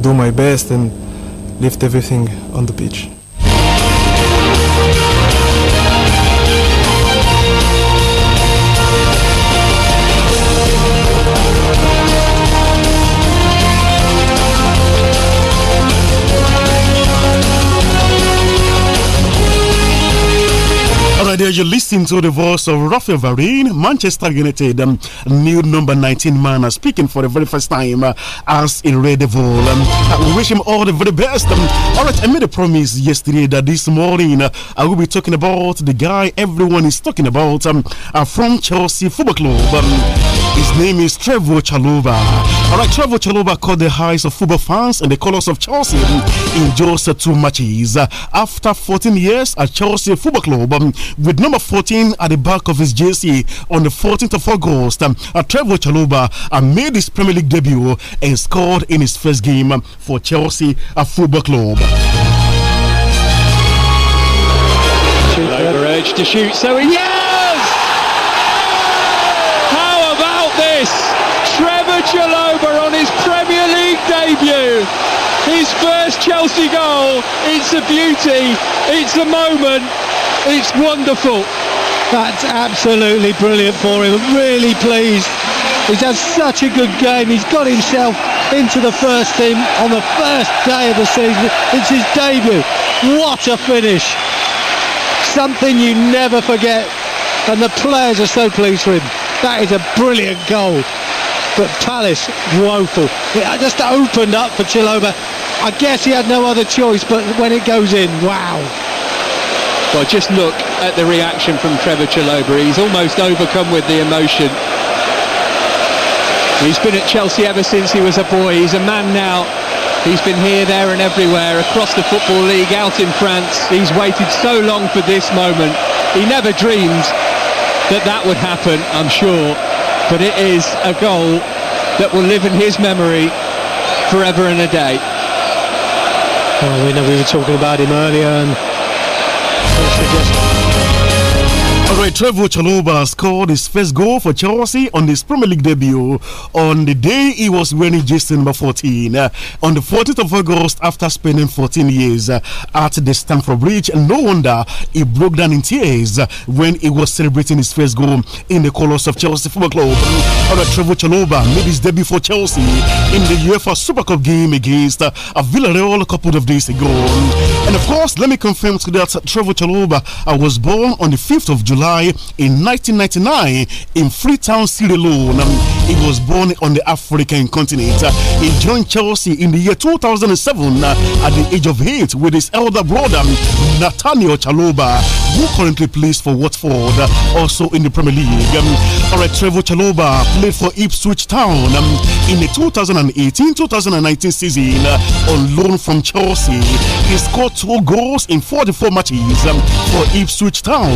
Speaker 14: do my best and lift everything on the pitch.
Speaker 8: And you're listening to the voice of Rafael Varane, Manchester United, um, new number 19 man, uh, speaking for the very first time uh, as a Red Devil. Um, uh, we wish him all the very best. Um, all right, I made a promise yesterday that this morning uh, I will be talking about the guy everyone is talking about um, uh, from Chelsea Football Club. Um, his name is Trevor Chalova. All right, Trevor Chalova caught the eyes of football fans and the colors of Chelsea um, in just two matches. Uh, after 14 years at Chelsea Football Club, um, with number 14 at the back of his jersey on the 14th of August. Um, uh, Trevor Chaloba uh, made his Premier League debut and scored in his first game um, for Chelsea a uh, Football Club.
Speaker 13: Low to shoot, so he yes! How about this? Trevor Chaloba on his Premier League debut. His first Chelsea goal. It's a beauty. It's a moment. It's wonderful. That's absolutely brilliant for him. Really pleased. He's had such a good game. He's got himself into the first team on the first day of the season. It's his debut. What a finish. Something you never forget. And the players are so pleased for him. That is a brilliant goal. But Palace, woeful. It just opened up for Chiloba. I guess he had no other choice, but when it goes in, wow. Well, just look at the reaction from Trevor Chalobah. He's almost overcome with the emotion. He's been at Chelsea ever since he was a boy. He's a man now. He's been here, there and everywhere, across the Football League, out in France. He's waited so long for this moment. He never dreamed that that would happen, I'm sure. But it is a goal that will live in his memory forever and a day.
Speaker 14: Well, we know we were talking
Speaker 13: about him earlier and
Speaker 8: just. Alright, Trevor Chaloba scored his first goal for Chelsea on his Premier League debut on the day he was wearing jersey number 14 uh, on the 14th of August after spending 14 years uh, at the Stamford Bridge. And no wonder he broke down in tears uh, when he was celebrating his first goal in the colours of Chelsea Football Club. Alright, Trevor Chaloba made his debut for Chelsea in the UEFA Super Cup game against uh, Villarreal a couple of days ago. And of course, let me confirm to that Trevor I uh, was born on the 5th of July. July in 1999 in Freetown, Sierra Leone. Um, he was born on the African continent. Uh, he joined Chelsea in the year 2007 uh, at the age of eight with his elder brother um, Nathaniel Chaloba, who currently plays for Watford, uh, also in the Premier League. Um, All right, Trevor Chaloba played for Ipswich Town in the 2018-2019 season on loan from Chelsea. He scored two goals in 44 matches for Ipswich Town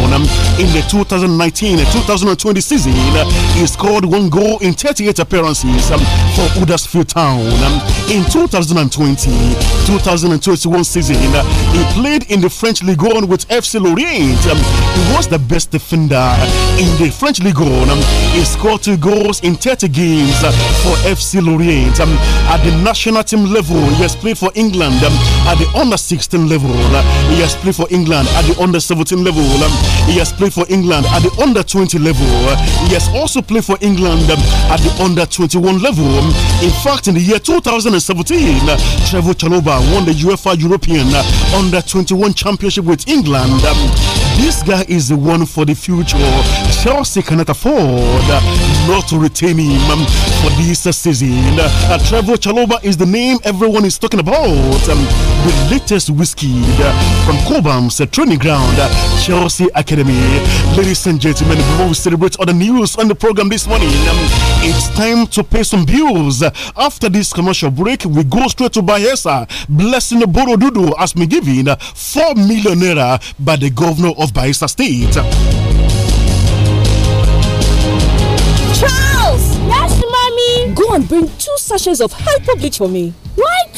Speaker 8: in the 2019-2020 season. He scored one goal in 38 appearances um, for Huddersfield Town. Um, in 2020-2021 season, uh, he played in the French Ligue 1 with FC Lorient. Um, he was the best defender uh, in the French Ligue 1. he scored two goals in 30 games uh, for FC Lorient. at the national team level, he has played for England at the under 16 level. he has played for England at the under 17 level. he has played for for England at the under 20 level. He has also played for England at the under 21 level. In fact, in the year 2017, Trevor Chaloba won the UEFA European under 21 championship with England. This guy is the one for the future. Chelsea cannot afford not to retain him for this season. Uh, Trevor Chaloba is the name everyone is talking about. Um, the latest whiskey uh, from Cobham's uh, training ground, Chelsea Academy. Ladies and gentlemen, before we celebrate all the news on the program this morning, um, it's time to pay some bills. After this commercial break, we go straight to Bayesa. blessing the Borodudu has been given uh, 4 million naira by the governor of Bayesa State. Charles!
Speaker 4: Yes, mommy! Go and bring two sachets of hyper bleach for me. What?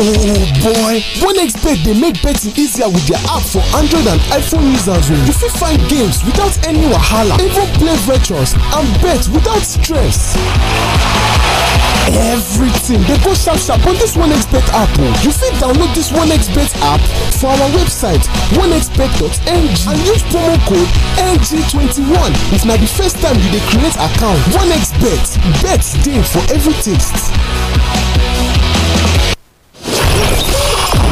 Speaker 8: oh boy onexbet dey make betting easier with their app for android and iphone users o oh. you fit find games without any wahala even play virtuals and bet without stress everything dey go sharp sharp on this onexbet app o oh. you fit download this onexbet app for our website onexbet.ng and use promo code ng21 if na the first time you dey create account onexbet bet dey for every taste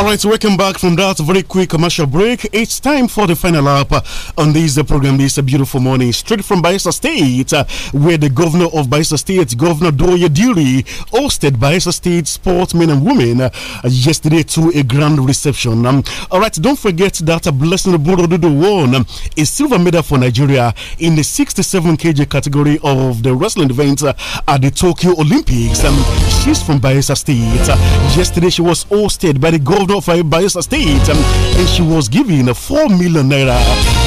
Speaker 8: All right, welcome back from that very quick commercial break. It's time for the final up on this program. It's a beautiful morning, straight from Baisa State, uh, where the governor of Baisa State, Governor Doye Diri, hosted Baisa State sportsmen and women uh, yesterday to a grand reception. Um, all right, don't forget that a Blessing Borododo won um, a silver medal for Nigeria in the 67 kg category of the wrestling event uh, at the Tokyo Olympics. Um, she's from Baisa State. Uh, yesterday, she was hosted by the governor governor of Bayelsa State, um, and she was given a 4 million naira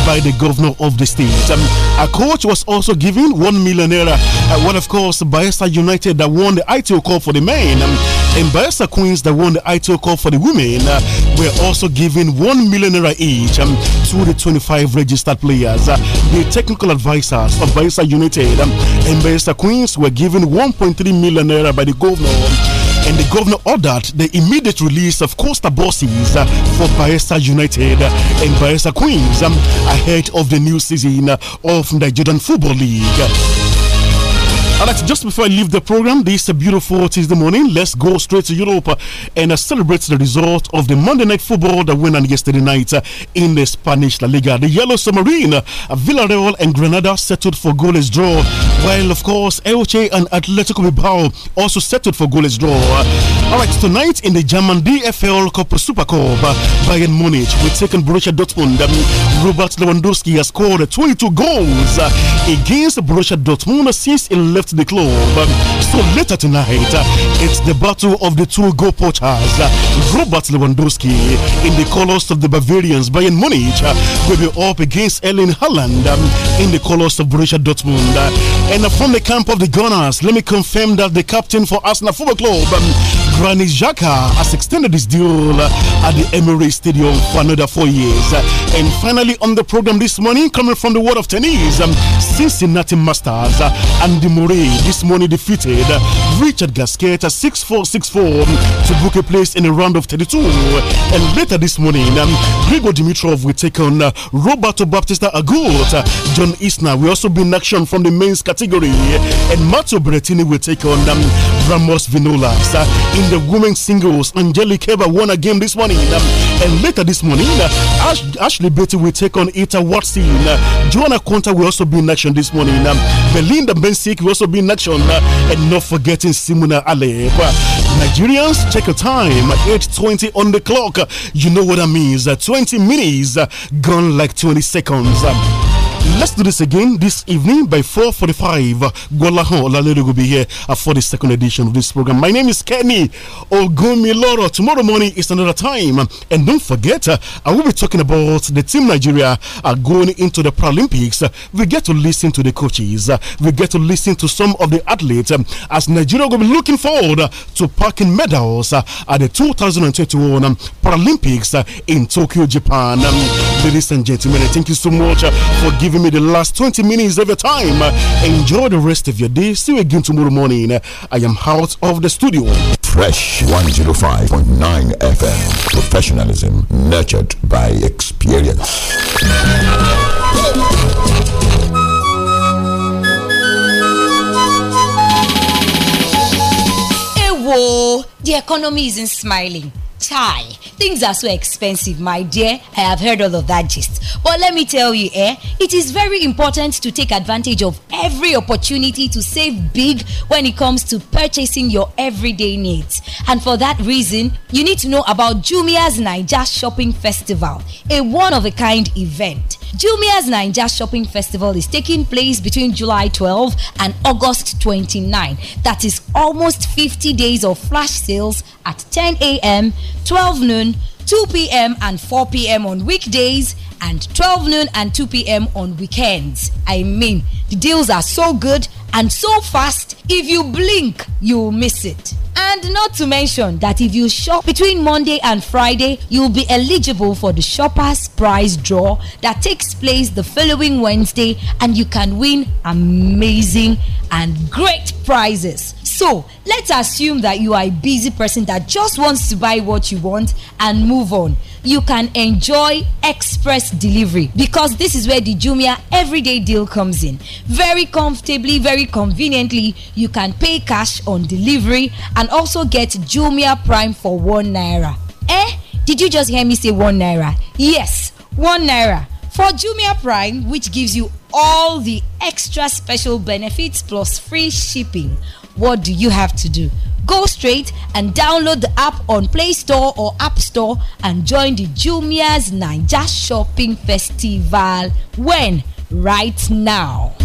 Speaker 8: by the governor of the state. Um, a coach was also given 1 million naira. Uh, when, of course, Bayelsa United that won the ITO Cup for the men. Um, and Barrister Queens that won the ITO Cup for the women uh, were also given 1 million naira each um, to the 25 registered players. Uh, the technical advisors of Barrister United um, and Barrister Queens were given 1.3 million naira by the governor um, and the governor ordered the immediate release of Costa bosses uh, for Barista United and Barista Queens um, ahead of the new season of Nigerian Football League. All right, just before I leave the program, this beautiful Tuesday morning, let's go straight to Europe uh, and uh, celebrate the result of the Monday night football that went on yesterday night uh, in the Spanish La Liga. The Yellow Submarine, Villarreal and Granada settled for goalless draw, while of course Elche and Atletico Bilbao also settled for goalless draw. All right, tonight in the German DFL Cup Super Cup, Bayern Munich will take Borussia Dortmund. Um, Robert Lewandowski has scored 22 goals against Borussia Dortmund since he left the club. Um, so later tonight, uh, it's the battle of the two goal poachers, uh, Robert Lewandowski in the colours of the Bavarians Bayern Munich uh, will be up against Ellen Haaland um, in the colours of Borussia Dortmund. And from the camp of the Gunners, let me confirm that the captain for Arsenal Football Club, um, Granit Xhaka, has extended his deal at the Emirates Stadium for another four years. And finally, on the program this morning, coming from the world of tennis, Cincinnati Masters, Andy Murray this morning defeated Richard Gasquet 6 4 6 4 to book a place in the round of 32. And later this morning, um, Grigor Dimitrov will take on uh, Roberto Baptista Agut. Uh, John Isner will also be in action from the men's category. And Matteo Berrettini will take on um, Ramos Vinolas. Uh, in the women's singles, Angelique Kerber won a game this morning. Um, and later this morning, uh, Ash Ashley Betty will take on Ita Watson. Uh, Joanna Conta will also be in action this morning. Um, Belinda Bensick will also also being mentioned. Uh, and not forgetting Simona Alep. Nigerians, check your time. 8.20 on the clock. You know what that means. Uh, 20 minutes uh, gone like 20 seconds. Let's do this again this evening by 4.45. Gwalaho Olalere will uh, be here for the second edition of this program. My name is Kenny Ogumiloro. Tomorrow morning is another time. And don't forget, uh, I will be talking about the team Nigeria uh, going into the Paralympics. we get to listen to the coaches. we get to listen to some of the athletes um, as Nigeria will be looking forward to packing medals uh, at the 2021 um, Paralympics uh, in Tokyo, Japan. Um, ladies and gentlemen, thank you so much for giving giving me the last 20 minutes of your time. Enjoy the rest of your day. See you again tomorrow morning. I am out of the studio.
Speaker 1: Fresh 105.9 FM. Professionalism nurtured by experience.
Speaker 6: Hey, whoa! The economy isn't smiling Chai, things are so expensive, my dear. I have heard all of that gist. But let me tell you, eh, it is very important to take advantage of every opportunity to save big when it comes to purchasing your everyday needs. And for that reason, you need to know about Jumia's Niger Shopping Festival, a one of a kind event. Jumia's Niger Shopping Festival is taking place between July 12 and August 29. That is almost 50 days of flash sales at 10 a.m. 12 noon, 2 p.m., and 4 p.m. on weekdays, and 12 noon and 2 p.m. on weekends. I mean, the deals are so good and so fast, if you blink, you'll miss it. And not to mention that if you shop between Monday and Friday, you'll be eligible for the Shoppers Prize Draw that takes place the following Wednesday, and you can win amazing and great prizes. So let's assume that you are a busy person that just wants to buy what you want and move on. You can enjoy express delivery because this is where the Jumia everyday deal comes in. Very comfortably, very conveniently, you can pay cash on delivery and also get Jumia Prime for one naira. Eh? Did you just hear me say one naira? Yes, one naira. For Jumia Prime, which gives you all the extra special benefits plus free shipping what do you have to do? Go straight and download the app on Play Store or App Store and join the Jumia's Ninja Shopping Festival. When? Right now.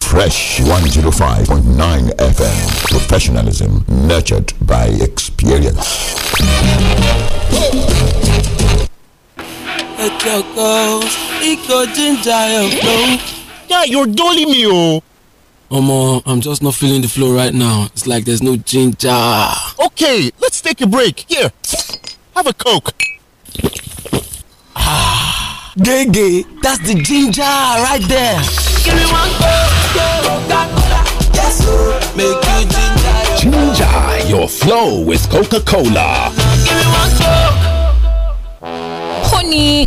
Speaker 1: Fresh 105.9 FM. Professionalism nurtured by experience.
Speaker 10: Yeah, you're dolly me, oh. Omo, I'm just not feeling the flow right now. It's like there's no ginger. Okay, let's take a break. Here, have a coke. Ah, Dengue, that's the ginger right there. Give me one coke, yes, make you ginger. Ginger your flow with Coca-Cola. Give me one coke
Speaker 11: money.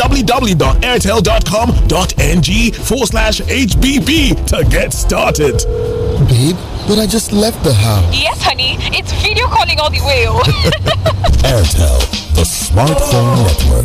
Speaker 8: www.airtel.com.ng forward slash HBB to get started. Babe, but I just left the house.
Speaker 11: Yes, honey. It's video calling all the way.
Speaker 8: Airtel,
Speaker 9: the
Speaker 12: smartphone network.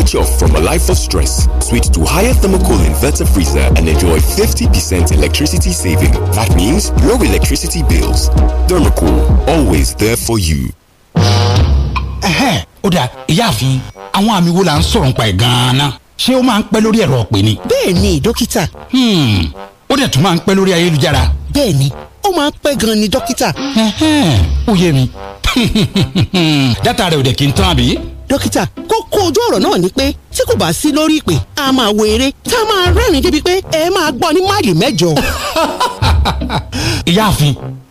Speaker 2: switch off from a life of stress. Switch to higher thermocool inverter freezer and enjoy 50% electricity
Speaker 1: saving. That means low electricity bills. Thermocool, always there for you.
Speaker 7: Ẹ̀hẹ́, ó dà ìyáàfin, àwọn àmì wo la ń sọ̀rọ̀ nípa ẹ̀ gan-an? Ṣé ó máa ń pẹ́ lórí ẹ̀rọ ọ̀pẹ ni? Bẹ́ẹ̀ni, dókítà. Hmm, ó dẹ̀ tún máa ń pẹ́ lórí ayélujára.
Speaker 10: Bẹ́ẹ̀ni, ó máa ń pẹ́ gan-an ni dókítà. Ẹ̀hẹ́n, ó yé mi.
Speaker 7: Dátà rẹ̀ ò dẹ̀ kí n tán àbí?
Speaker 10: dókítà kókó ojú ọ̀rọ̀ náà ni pé tí kò bá sí lórí ìpè a máa wo eré tá a máa rẹ́rìn-ín débi pé ẹ máa gbọ́ ní máìlì mẹ́jọ.
Speaker 8: ìyáàfin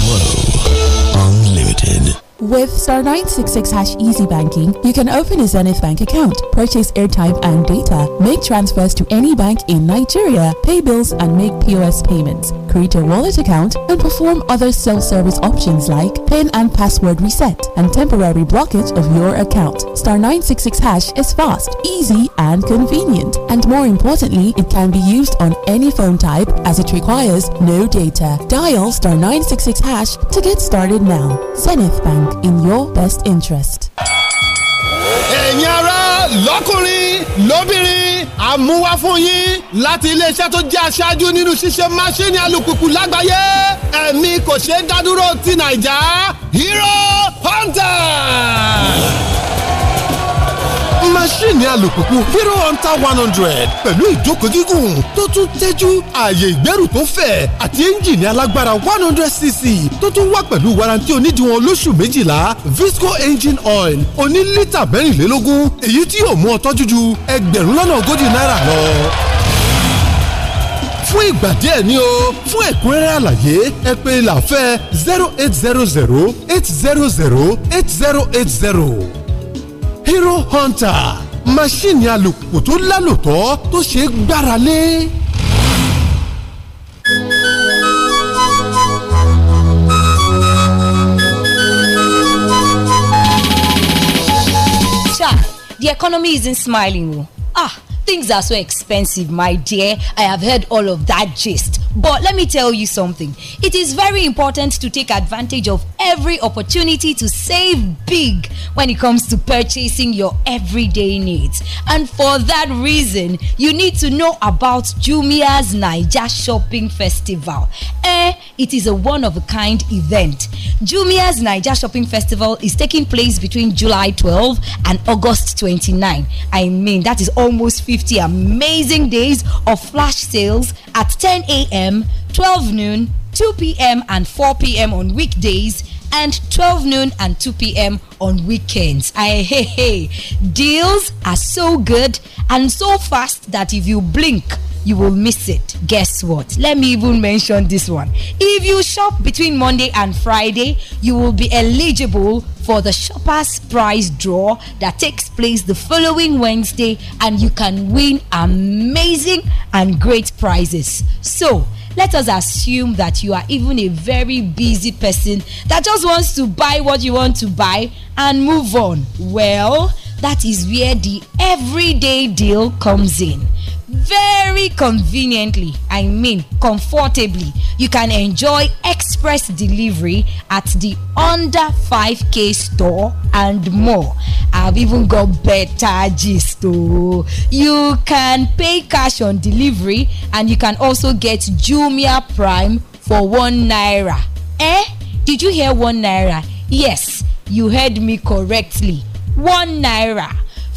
Speaker 8: Glow Unlimited.
Speaker 9: With star 966 hash easy banking, you can open a Zenith Bank account, purchase airtime and data, make transfers to any bank in Nigeria, pay bills and make POS payments, create a wallet account, and perform other self-service options like PIN and password reset and temporary blockage of your account. Star 966 hash is fast, easy, and convenient. And more importantly, it can be used on any phone type as it requires no data. Dial star 966 hash to get started now. Zenith Bank. in
Speaker 10: your best interest. ẹ̀yin ará
Speaker 8: lọ́kùnrin
Speaker 10: lóbìnrin àmúwá láti iléeṣẹ́ tó jẹ́ aṣáájú nínú ṣíṣe máṣíìnì
Speaker 8: alùpùpù lágbàáyé ẹ̀mí kò ṣeé dádúró ti nàìjà Hero Hunter máṣíìnì alùpùpù zero hunter one hundred pẹ̀lú ìjókòó gígùn tó tún tẹ́jú ààyè ìgbẹ́rù tó fẹ̀ àti ẹ́ńjìnì alágbára one hundred cc tó tún wá pẹ̀lú warranty onídìíwọ̀n olóṣù méjìlá visco engine oil oní lítà mẹ́rìnlélógún èyí tí yóò mú ọtọ́ jújú ẹgbẹ̀rún lọ́nà ogójì náírà lọ fún ìgbà díẹ̀ ni o fún ẹ̀kúnrẹ́rẹ́ àlàyé ẹ pè làfẹ́ zero eight zero zero eight zero zero eight zero eight zero. Hero Hunter máṣíìnì alùpùpù tó lálòtọ́ tó ṣeé gbára lé.
Speaker 6: The economy isn't smiling. Oh, ah, things are so expensive, my dear. I have heard all of that gist. But let me tell you something it is very important to take advantage of every opportunity to save big when it comes to purchasing your everyday needs. And for that reason, you need to know about Jumia's Niger Shopping Festival. Eh, it is a one of a kind event. Jumia's Niger Shopping Festival is taking place between July 12 and August 29. I mean, that is almost 50 amazing days of flash sales at 10 a.m a.m., 12 noon, 2 p.m., and 4 p.m. on weekdays, and 12 noon and 2 p.m. on weekends. I, hey, hey, deals are so good and so fast that if you blink, you will miss it. Guess what? Let me even mention this one. If you shop between Monday and Friday, you will be eligible for the shopper's prize draw that takes place the following Wednesday, and you can win amazing and great prizes. So, let us assume that you are even a very busy person that just wants to buy what you want to buy and move on. Well, that is where the everyday deal comes in very conveniently, I mean comfortably, you can enjoy express delivery at the under 5k store and more. I've even got better gist oh. You can pay cash on delivery and you can also get Jumia Prime for 1 naira. Eh? Did you hear 1 naira? Yes, you heard me correctly. 1 naira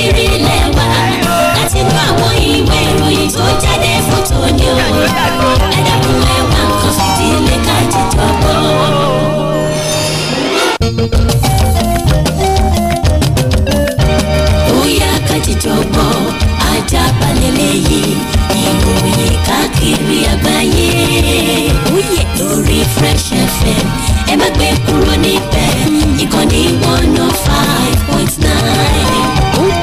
Speaker 15: káàkiri ilẹ̀ wa láti gbọ́ àwọn ìwé ìròyìn tó jáde fún tòní o ẹ dákun ẹ wá nǹkan fìdílé ká jíjọ gbọ́. bóyá ká jíjọ gbọ́ ajá balẹ̀ lẹ́yìn ìròyìn káàkiri àgbáyé lórí Fresh FM ẹ má gbé kúrò níbẹ̀ ìkànnì one oh five point nine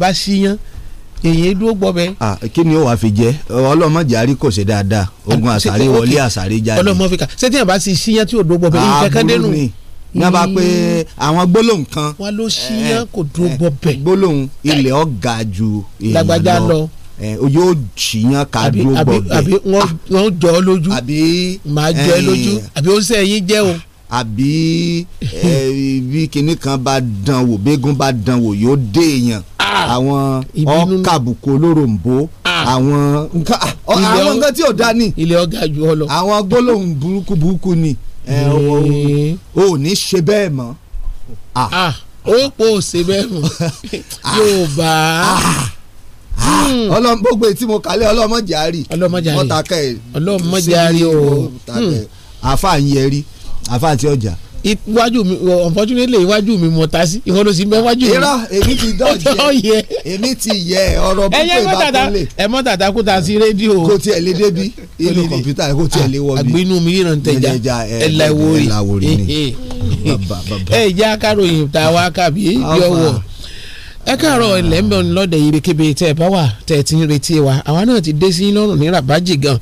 Speaker 16: bá síyan èyí dúró gbọ́ bẹ́ẹ̀. kí ni ó wàá fi jẹ
Speaker 17: ọlọ́mọdé àrí kò ṣe dáadáa ogun àsáré wọlé àsáré jáde.
Speaker 16: ọlọ́mọ fi kà ṣé tí yàrá bá ti síyan tí ò dúró gbọ́ bẹ́ẹ̀ yìí kẹ́kẹ́ dénú.
Speaker 17: ní a bá pé hmm.
Speaker 16: àwọn gbólóhùn kan. wọn ló síyan eh, kò dúró eh, gbọ́
Speaker 17: bẹ́ẹ̀. gbólóhùn ilẹ̀ ọ̀gá ju èèyàn lọ eh, yóò jìyàn ká dúró gbọ́ bẹ́ẹ̀. àbí wọ́n jọ ọ lójú àbí màá jọ ẹ lójú àbí ó sẹ́yìn jẹ́ o àbí bí kinní kan bá dán wò bégún bá dán wò yóò dé èèyàn Ah. àwọn ọkà àbùkù olóròǹbó ah. àwọn nǹkan ah, àwọn nǹkan tí ò dá ní. ilé ọ̀gá ju ọ lọ. àwọn gbólóhùn burúkú burúkú ni eh. o ò ní ṣe bẹ́ẹ̀ mọ́. ó pò ṣe bẹ́ẹ̀ mọ́ yóò bá hmm. a ọlọmọ gbogbo etí mo kálẹ̀ ọlọmọ jàrí
Speaker 16: ọlọmọ jàrí ọlọmọ jàrí o àfa ń yẹrí àfa àti ọjà iwájú mi unfortunately iwájú mi mo ta sí ìwọ ló sì bẹ wájú mi. irọ́ èmi ti dọ́ọ̀jẹ́ èmi ti yẹ ọ̀rọ̀ pípé bá tó lè. ẹ mọ tàtà kó ta sí rédíò. kó tiẹ̀ lé débi inú kọ̀mpútà kó tiẹ̀ lé wọ́bi. Ah, àgbínú mi yìí ń tẹja ẹ láwórì ẹ jẹ́ akáròyìn tá a wá kábí yọ̀wọ̀ ẹ káàárọ̀ ilẹ̀ ń bọ̀ lọ́dẹ̀ ibikíbi tẹ́ ẹ bá wà tẹ́ ẹ ti ń retí wa àwa náà ti dé sí lọ́rùn ní rabaji gan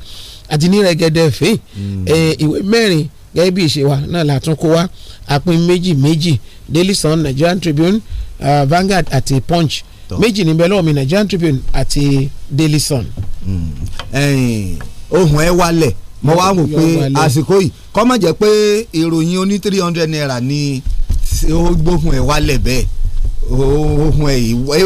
Speaker 16: àti ní rẹ̀gẹ̀dẹ̀ fín mm. ìwé mẹ́rin gẹ́gẹ́ bí ìṣe wa náà la tún kó wa àpín méjì méjì Daily Sun Nigerian Tribune uh, Vanguard àti Punch méjì níbẹ̀ lọ́wọ́ mi Nigerian Tribune àti Daily Sun.
Speaker 5: Hmm.
Speaker 17: ohun ẹ wálẹ̀ mo wá wò pé àsìkò yìí kọ́ mọ̀ jẹ́ pé ìròyìn oní three hundred naira ni ó gbóhùn ẹ̀ wálẹ̀ bẹ́ẹ̀ ohun
Speaker 16: ẹ̀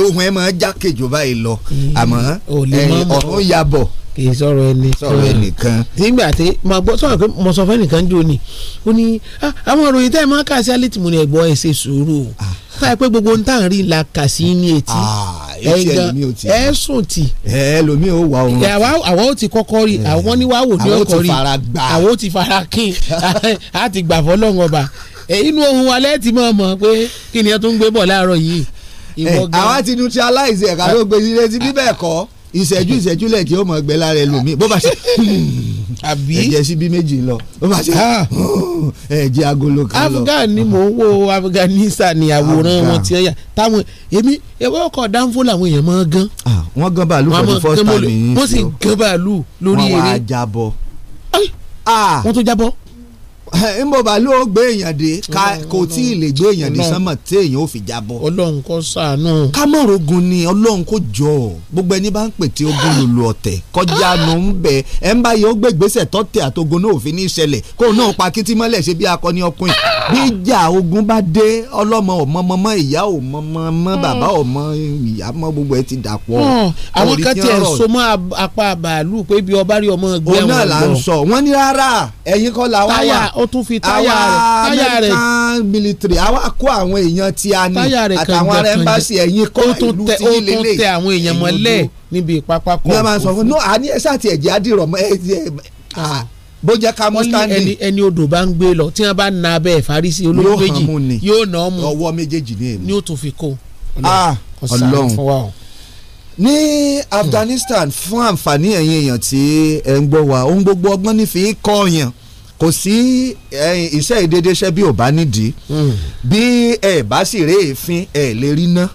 Speaker 16: ohun ẹ̀ máa jákèjò báyìí lọ hmm. àmọ́ ọ̀run yabọ̀ kì í sọ̀rọ̀ ẹni sọ̀rọ̀ ẹnìkan nígbà tí mo gbọ́ sọ̀rọ̀ pé mo sọ fẹ́ nìkan jò ní ó ní ah, àwọn òròyìn tẹ́ ẹ máa kà sí alẹ́tì mo ní ẹ̀gbọ́ ẹ̀ ṣe sùúrù o ah. táyà pé gbogbo nǹkan rí la kà sí ní etí ah, ẹ̀gàn ẹ̀ sùn tì ẹ̀ lómi ò wà òun. àwọn ò ti kọ́kọ́ rí eh, àwọn ní wàá wò ní ọkọ̀ rí àwọn ò ti fara kín á ti gbà fọlọ́ngàn ọba eh, inú ohun alẹ́ ti mọ̀ mọ̀ pé kí ni ẹ tún eh,
Speaker 17: ti neutralize ẹ̀ka ló gbé ti bíbẹ̀ kọ́ ìṣẹ́jú ìṣẹ́jú lẹ̀ ó mọ̀ gbẹ lára
Speaker 16: ẹlòmíì bó bá ṣe àbí ẹ̀jẹ̀ síbí méjì lọ bó bá ṣe ah. ẹ̀jẹ̀ agolo kan lọ. Afghan ni mò ń wo Afghanistan ni àwòrán wọn ti yà táwọn èmi ẹ̀wọ́ ọkọ̀ dánfó làwọn èèyàn máa gan. Ah, wọ́n gan bàálù for the first time wọ́n sì gan bàálù lórí eré. wọ́n wá jábọ́. Ah. wọ́n tó jábọ́ n bò bá
Speaker 17: ló gbé èèyàn dé kò tí ì lè gbé èèyàn dé sánmọ̀ tí èèyàn ò fi jábọ́. ọlọ́run kó ṣàánú. kámọ̀rọ̀gùn ni ọlọ́run kó jọ gbogbo ẹni bá ń pètè ogun lòlù ọ̀tẹ̀ kọjá nù ń bẹ ẹ ń báyìí ó gbé gbèsè tọ́tẹ̀ àtogun náà òfin ní ìṣẹ̀lẹ̀ kó náà pa kítí mọ́lẹ̀ ṣe bí akọni ọkùnrin bí ìjà ogun bá dé ọlọ́mọ ọmọ mọmọ ìyá ọmọ mọmọ hmm. bàbá
Speaker 16: ọmọ ìyá mọ
Speaker 17: gbogbo ẹ ti dàpọ̀. Hmm. àwọn kan tiẹ̀ so
Speaker 16: mọ́ apá bàálù pé bí ọba rí ọmọ ẹgbẹ́ wọn lọ. òun náà là ń sọ wọ́n ní rárá ẹ̀yin kọ́ la wá wà ó tún fi táyà rẹ̀ táyà rẹ̀ American
Speaker 17: military àwa kó àwọn èèyàn tí a ní àtàwọn ará ẹmbásì ẹ̀yìn kọ́ ìlú tí ilé ó tún tẹ àwọn èèyàn mọ́lẹ̀
Speaker 16: níbi ìpápákọ̀ ní a máa sọ fún no àní ẹ sáà ti ẹ̀jẹ̀ adìrọ̀ mọ́ ẹ bó jẹ́ ká mú stanley. ẹni ẹni odò bá ń gbé lọ tí wọ́n bá na abẹ́ ìfarisi olóyún méjì yóò nà ọ́ mu méjèèjì ní èmi ni ó tún fi kó.
Speaker 17: ọlọ́run ní Afghanistan fún àǹfààní ẹ̀yin èèyàn tí ẹ̀ ń gbọ́ wa ohun gbogbo ọgbọ́n nífi kọ́ ọ̀yàn kò sí iṣẹ́ ìdédéṣẹ́ bí ò bá nídìí hmm. bí ẹ bá sì ré èéfín ẹ lè rí ná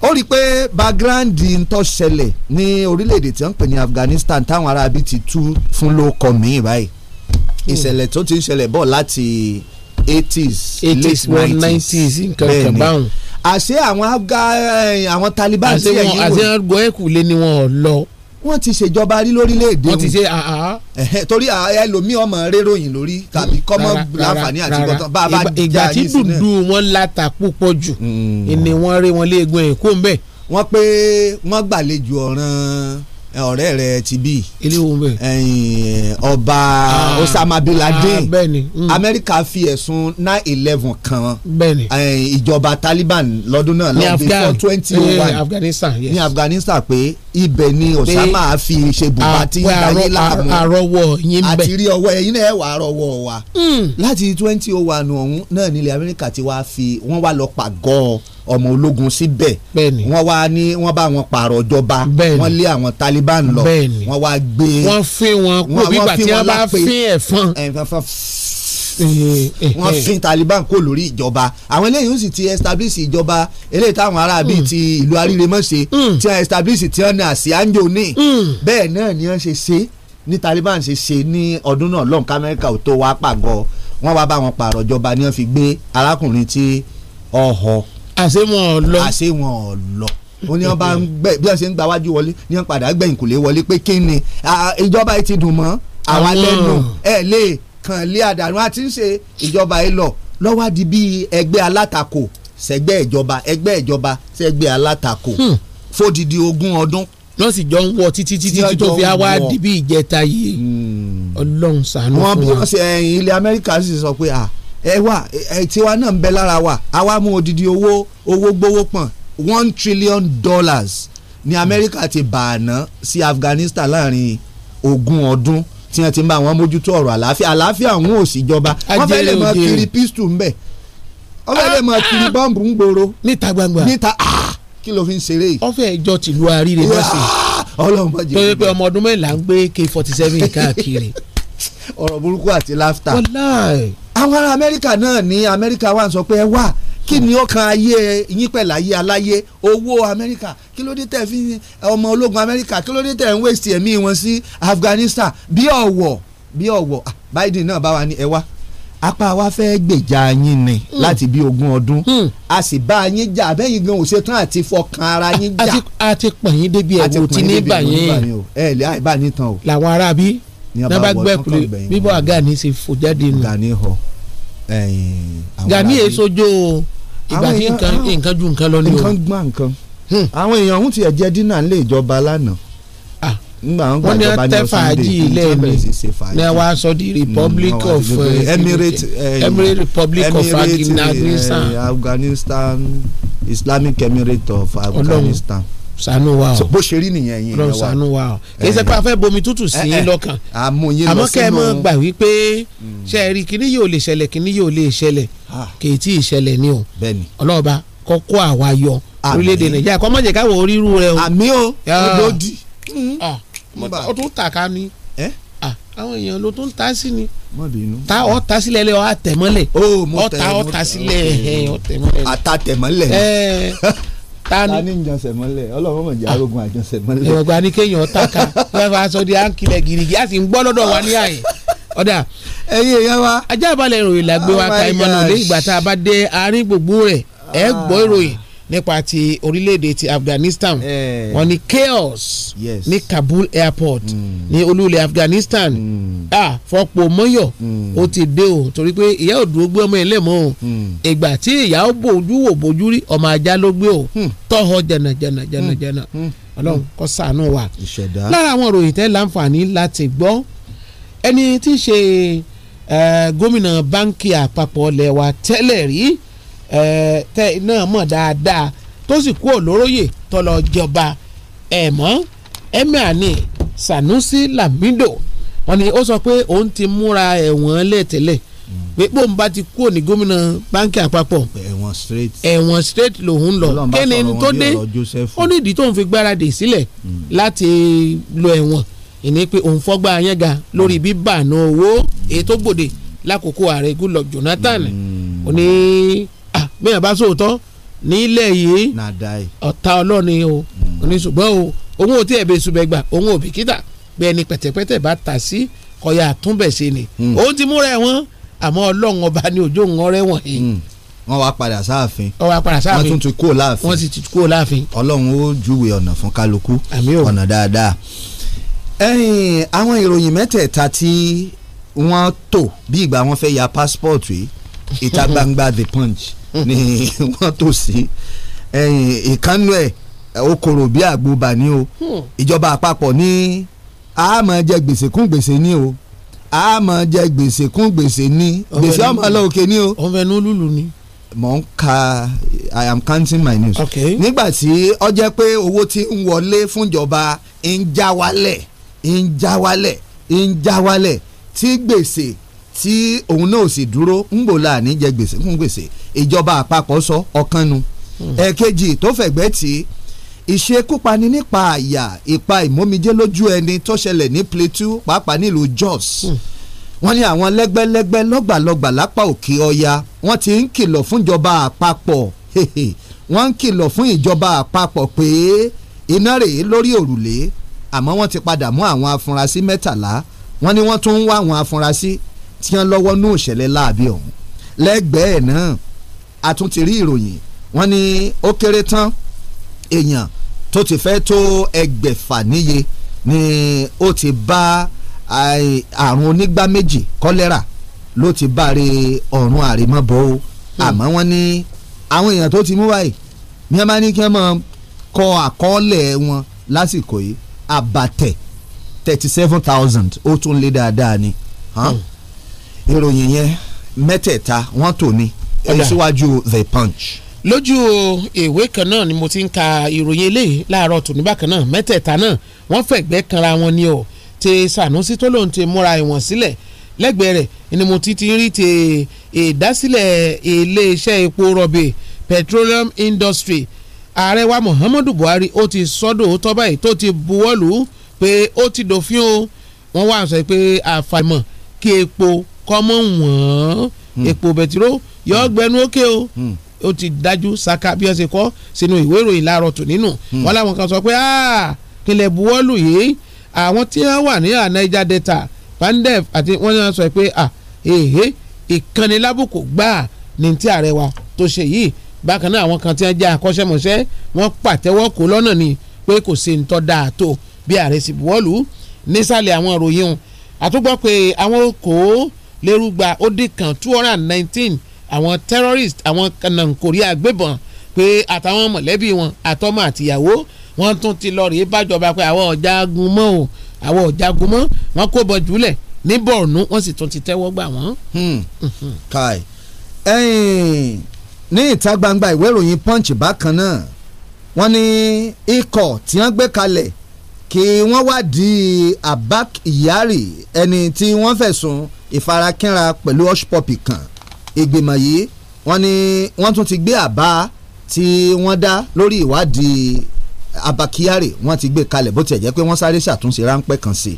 Speaker 17: ó rí i pé background ntọ́ ṣẹlẹ̀ ní orílẹ̀-èdè tí wọ́n ń pè ní Afghanistan táwọn aráabí ti tú fún ló kọ míì báyìí hmm. ìṣẹ̀lẹ̀ tó ti ń ṣẹlẹ̀ bọ̀ láti eighties late nineties bẹ́ẹ̀ ni àṣé àwọn Afghan àwọn Taliban ti ẹ̀yìn wò àṣé àwọn àgbọ̀ ẹ̀kú lé ni wọ́n lọ wọ́n ti ṣèjọba rí lórílẹ̀‐èdè wọn. wọ́n ti ṣe àá. torí ẹlòmíì ọmọ réròyìn lórí tàbí kọ́mọ láǹfààní àti bọ́tán bá a bá jà yìí sílẹ̀. ìgbà tí dùdú wọn láta púpọ̀ jù ni wọ́n rí wọn léegun ẹ̀ kó ń bẹ̀. wọ́n pé wọ́n gbàlejò ọ̀ràn ọ̀rẹ́ rẹ̀ ti bí eh, ọba ah, Osama bin Laden ah, mm. Amẹ́ríkà fi ẹ̀sùn nine eleven kan ìjọba Taliban lọ́dún náà lọ́dún before oh eh, ní Afghanistan pé ibẹ̀ ni Osama fi ṣe bùbá ah, tí ayé láàmú àti rí ọwọ́ ẹ̀yin náà wà wa
Speaker 11: hmm. láti
Speaker 17: twenty oh one ọ̀hún náà nílẹ̀ Amẹ́ríkà ti wá fi wọ́n wá lọ pàgọ́ ọ ọmọ ológun síbẹ̀ wọ́n wá ní wọ́n bá wọn pààrọ̀ jọba wọ́n lé àwọn Taliban lọ wọ́n wá gbé wọ́n fi wọn kó bí gbà tí wọ́n bá fín ẹ̀fọn wọ́n fi Taliban kó lórí ìjọba àwọn eléyìí ń sì ti establish ìjọba eléyìí táwọn ará bíi hmm. ti ìlú Aríremọ́ṣe hmm. ti establish ti ọ̀nà àṣìánjò ní hmm. bẹ́ẹ̀ náà ni wọ́n ṣe ṣe ní Taliban ṣe ṣe ní ọdún náà lọ́nkà Amẹ́ríkà ò tó wá pàgọ́ wọ́n wá bá wọn pààrọ̀ ìjọba ni wọ́n fi gbé arákùnrin tí ọ̀họ́ àṣé wọn ò lọ. àṣé wọn ò lọ ó ní wọn bá ń gbẹ bí wọn ṣe ń gba wájú wọlé ní wọn padà gbẹ̀yìn kò lè wọlé pé kí ni ìjọba yìí ti dùn mọ́ àwa lẹ́nu ẹ̀ lè kàn lé àdánù àti ń ṣe ìjọba yìí lọ lọ́wọ́ di bí ẹgbẹ́ alátakò sẹ́gbẹ́ ìjọba ẹgbẹ́ ìjọba sẹ́gbẹ́ alátakò hmm. fódìdí ogún ọdún. lọ́n sì jọ ń wọ títí títí tó fi wá di bí ìjẹta yìí
Speaker 16: hmm. ọlọ́run ṣàánú fún wa. wọn bí wọn ṣe
Speaker 17: ilẹ̀ Amẹ́ríkà sì sọ pé ah ẹ wà ẹ tiwa náà ń bẹ lára wa àwa mú odidi owó owó gbówó pọ̀n one trillion dollars ni Amẹ́ríkà ti bàánà sí Afghanistan láàrin ogún ọdún tí wọ́n ti ń bá wọn mójútó ọ̀rọ̀ àlàáfíà àlàáfíà àwọn ò sì jọba wọ́n fẹ́ lè mọ kiri
Speaker 16: pistol ń bẹ̀ wọ́n fẹ́ lè mọ kiri bọ́ǹbù ń gbòòrò níta gbangba níta ah, kí ló fi ń ṣeré yìí. ọfẹ ìjọ tìlú àríre lọsẹ ah, Ọlọ́run bọjì. tó yẹ pé ọmọ ọdún mẹ́rìnlá ń gbé K forty seven káàkiri ọ̀rọ̀ burúkú àti láftà.
Speaker 17: àwọn ará amẹ́ríkà náà ní amẹ́ríkà wà sọ pé ẹ wà kí ni ó kan ayé yín pẹ̀lú ayé aláyé owó amẹ́ríkà kí ló dé tẹ̀ fi ọmọ ológun amẹ́ríkà kí ló dé tẹ̀ ń wéṣì ẹ̀mí wọn sí afghanistan bí ọ̀wọ̀ bí ọ̀wọ̀ ah, biden náà bá wa ní ẹ wá apá wa fẹ́ gbèjà yín ni hmm. láti bí ogún ọdún hmm. a sì bá yín jà abẹ́yìn gan òṣètàn àti fọkàn ara yín jà. a ti pààyàn débi ẹ̀wò tí ní bàyẹn ẹ̀ lè àìbá
Speaker 16: nìtàn o. làwọn ará bí ní abá gbẹ́kulé bíbọ̀ àgàní ṣe fò jáde nù. Gani họ Gani èsojo ìgbà tí ah, nǹkan ju nǹkan lọ ní o. nǹkan
Speaker 17: gbọ́n nǹkan hmm. àwọn èèyàn ọ̀hún ti ẹ̀jẹ̀ dínà nílé ìjọba lánàá ah, wọ́n ní tẹ́ fàájì ilé mi ní wàá sọ di republic hmm, of eh, eh, eh, emirate emirate republic of afghanistan islamic emirate of afghanistan. ṣàánú wa o bó ṣe rí nìyẹn yín lọ ṣàánú wa o kì í ṣe pé a fẹ́
Speaker 16: bomi tútù sí i lọ́kàn
Speaker 17: àmọ́ kẹ́ ẹ mọ́ gbà
Speaker 16: wípé hmm. ṣe é rí kíní yóò lè ṣẹlẹ̀ kíní yóò lè ṣẹlẹ̀ ah. kì í tí ì ṣẹlẹ̀ ni o ọlọ́ọ̀ba kọ́ kó àwa yọ orílẹ̀-èdè nàìjíríà kọ́ mọ̀jẹ̀ káwọ̀ oríru rẹ o. àmì o lòdì. Hmm. Ah. ó tún tà ká ni ah. àwọn èèyàn ló tún ta sí ni ta ọ ta sílẹ̀ lẹ ọ àtẹ̀mọ́lẹ̀ oh, ọ ta ọ ta sílẹ̀ hmm. ọ tẹ̀mọ́lẹ̀. àtàtẹ̀mọ́lẹ̀. ta ni ìjọsẹ̀ mọ́lẹ̀
Speaker 17: ọlọ́run mọ̀ jẹ́ arógun àjọsẹ̀ mọ́lẹ̀. ìwọ̀gbà
Speaker 16: ni kéèyàn taka lọ́wọ́ aṣọ di àǹkìlẹ̀ gírígì a sì ń gbọ́ lọ́dọ̀ wa ní àyè ọ̀dà ẹ̀yin èèyàn wa. ajá balẹ̀ ìròyìn làgbé wa oh ka ìmọ̀nà lé ìgbà tá a bá dé àárín gbogbo rẹ̀ ẹ̀ gbọ́ ìròyìn nípa ti orílẹ̀-èdè ti Afghanistan eh. wọ́n chaos yes. ní Kabul airport mm. ní olúlẹ̀ Afghanistan mm. ah fọpọ̀ mọ́yọ̀ mm. ó ti dé o torí pé ìyá ò dúró gbé ọmọ ilé mọ́ o mm. ìgbà tí ìyá ó bòjú wò bòjú rí ọmọ ajá ló gbé o hmm. tọ́họ jẹ̀nà jẹ̀nà hmm. jẹ̀nà jẹ̀nà hmm. ọlọ́run kó ṣàánú wa lára àwọn òròyìn tẹ́ láǹfààní láti gbọ́ ẹni tí í ṣe eh, gómìnà báńkì àpapọ̀ lẹ̀ wa tẹ́lẹ̀ rí tẹ́ náà mọ̀ dáadáa tó sì kú olóróyè tọ́lọ jọba ẹ̀mọ́ emir ní Sanusi Lamido wọ́n ní ó sọ pé òun ti múra ẹ̀wọ̀n lẹ́tẹ̀lẹ̀ pé bóun bá ti kúrò ní gómìnà báńkì àpapọ̀
Speaker 17: ẹ̀wọ̀n straight
Speaker 16: ẹ̀wọ̀n straight lòun lọ kéne tó dé ó ní ìdí tóun fi gbáradì sílẹ̀ hmm. láti lo ẹ̀wọ̀n ìní pé òun fọ́gbà yẹnga lórí hmm. bíbànú owó èyí tó gbòde lákòókò ààrẹ Goodluck Jonathan hmm. ó ní bẹ́ẹ̀ bá sòótọ́ nílẹ̀ yìí ọ̀tá ọlọ́ni o mm. ní ṣùgbọ́n o òun ò tí ẹ̀ bẹ́ẹ̀ ṣùgbọ́n gbà òun ò bìkítà bẹ́ẹ̀ ni pẹ̀tẹ̀pẹ̀tẹ̀ bá tà sí kọ̀yà àtúnbẹ̀ ṣe ni òun mm. ti múra ẹ̀ wọ́n àmọ́ ọlọ́run ọba ni òjò ń ọrẹ́ wọ̀nyí mm. wọ́n wá padà sáàfin wọ́n wá padà sáàfin wọ́n tún ti kúrò láàfin wọ́n sì ti
Speaker 17: kúrò láàfin ọlọ́run ó júwe ọ̀nà fún kálukú ọ̀nà dáadáa ẹ̀yìn àwọn ìròyìn mẹ́tẹ̀ẹ̀ta tí wọ́n tò bí ìgbà wọn fẹ́ ya passport yìí ìta gbangba the punch ni wọ́n tò sí ìkànnù ẹ̀ okòrò bíi àgbòbà ni o hmm. ìjọba àpapọ̀ ní àmọ́ jẹ gbèsè kún gbèsè ní o àmọ́ jẹ gbèsè kún gbèsè ní gbèsè ọmọ ọlọ́ọ̀kẹ́ ní o. ọmọ ẹnu lùlù ni mò ń ka i am counting my news. okay. nígbà tí ó jẹ́ pé owó tí ń wọlé fúnjọba ń já wálẹ̀ ń já wálẹ̀ ń já wálẹ̀ tí gbèsè tí òun náà sì dúró ń gbò láàní jẹ gbèsè fún gbèsè ìjọba àpapọ̀ sọ ọ̀kan nu ẹ̀ẹ̀kejì hmm. tó fẹ̀gbẹ́ tì í ìṣekúpani nípa àyà ìpa ìmọ̀mijé lójú ẹni tó ṣẹlẹ̀ ní Plateau pàápàá nílùú Jos hmm. wọ́n ní àwọn lẹ́gbẹ́lẹ́gbẹ́ lọ́gbàlọ́gbà lápá òkè ọya wọ́n ti ń kìlọ̀ fúnjọba àpapọ̀ wọ́n ń kìlọ̀ fún ìjọba àpapọ̀ pé iná rèé lórí òrùlé àmọ́ wọ́n ti padà mú àwọn afurasí mẹ́tàlá wọ́n ní wọ́n tún ń wá àwọn afurasí tí wọ́n lọ́wọ́ ní òṣẹ̀lẹ̀ láàbí ọ̀hún lẹ́gbẹ̀ẹ́ náà a tún ti rí ìròyìn wọ́n ní ó kéré tán èèyàn tó ti fẹ́ tó ẹgbẹ̀fà níye ni ó ti bá àrùn onígbá méjì kọ́lẹ́rà ló ti báre ọ̀run àrèmọ́bọ̀ o hmm. àmọ́ wọ́n ní àwọn èèyàn tó ti mú wáyé ní wọ́n bá ní kí wọ́n máa kọ àkọọ́lẹ̀ wọn lásìkò yìí àbàtẹ̀ thirty seven thousand ó tún lé dáadáa ni. Hmm ìròyìn yẹn mẹ́tẹ̀ẹ̀ta wọ́n tò ní ẹni the punch.
Speaker 16: lójú ìwé kan náà ni mo ti ń ka ìròyìn eléyìí láàárọ̀ tòní bákan náà mẹ́tẹ̀ẹ̀ta náà wọ́n fẹ̀gbẹ́ kanra wọn ni o ti Sanusi tó lóun ti múra ìwọ̀n sílẹ̀ lẹ́gbẹ̀ẹ́ rẹ̀ ni mo ti ti rí ti ìdásílẹ̀ iléeṣẹ́ epo rọ̀bì petroleum industry ààrẹ wa Muhammadu Buhari ó ti sọ́dọ̀ tó báyìí tó ti buwọ́lù pé ó ti dòfin o wọ́n wá sọ pé àfàìmọ̀ kí epo kọ́mọ́ wọ́n hmm. epo bẹtiró yọ hmm. gbẹnu ókè o hmm. ó ti dájú saka bí wọ́n ṣe kọ́ sínú ìwé ìròyìn láàárọ̀ tò nínú wọn làwọn kan sọ pé kílẹ̀ buwọ́lù yìí àwọn tí wọ́n wà ní Niger Delta Pandef àti wọ́n náà sọ pé èhè ìkànnì lábùkù gbáà ní ti ààrẹ wa tó ṣe yìí bákan náà àwọn kan tí wọ́n jẹ́ akọ́ṣẹ́mọṣẹ́ wọ́n pàtẹ́wọ́ kó lọ́nà ni pé kò sí ntọ́ dáa tó bí ààrẹ sì buwọ́lù nísàlẹ̀ àwọn ìròyìn àtúgbọ́ pé àwọn okòó lérúgba ó dín kan two hundred and nineteen àwọn terrorist àwọn kanankori agbébọn pé àtàwọn mọ̀lẹ́bí wọn àtọmọ àtìyàwó wọn tún ti lọ rèé bájọba pé àwọn ọ̀jagun mọ́ o àwọn ọ̀jagun mọ́ wọn kó bọ̀ jùlẹ̀ ní Borno wọ́n sì tún ti tẹ́wọ́ gbà wọ́n. Hmm.
Speaker 5: Mhm.
Speaker 17: kai ẹyin ní ìta gbangba ìwé ìròyìn Punch bákan náà wọ́n ní ikọ̀ tí wọ́n gbé kalẹ̀ kí wọ́n wádìí Abak Iyari ẹni tí wọ́n fẹ̀sùn ìfarakínra pẹ̀lú ọ̀ṣpọ̀pì kan ìgbìmọ̀ yìí wọ́n ní wọ́n tún ti gbé àbá tí wọ́n dá lórí ìwádìí Abak Iyari wọ́n ti gbé kalẹ̀ bó tiẹ̀ jẹ́ pé wọ́n sáré ṣàtúnṣe ráńpẹ́ kan sí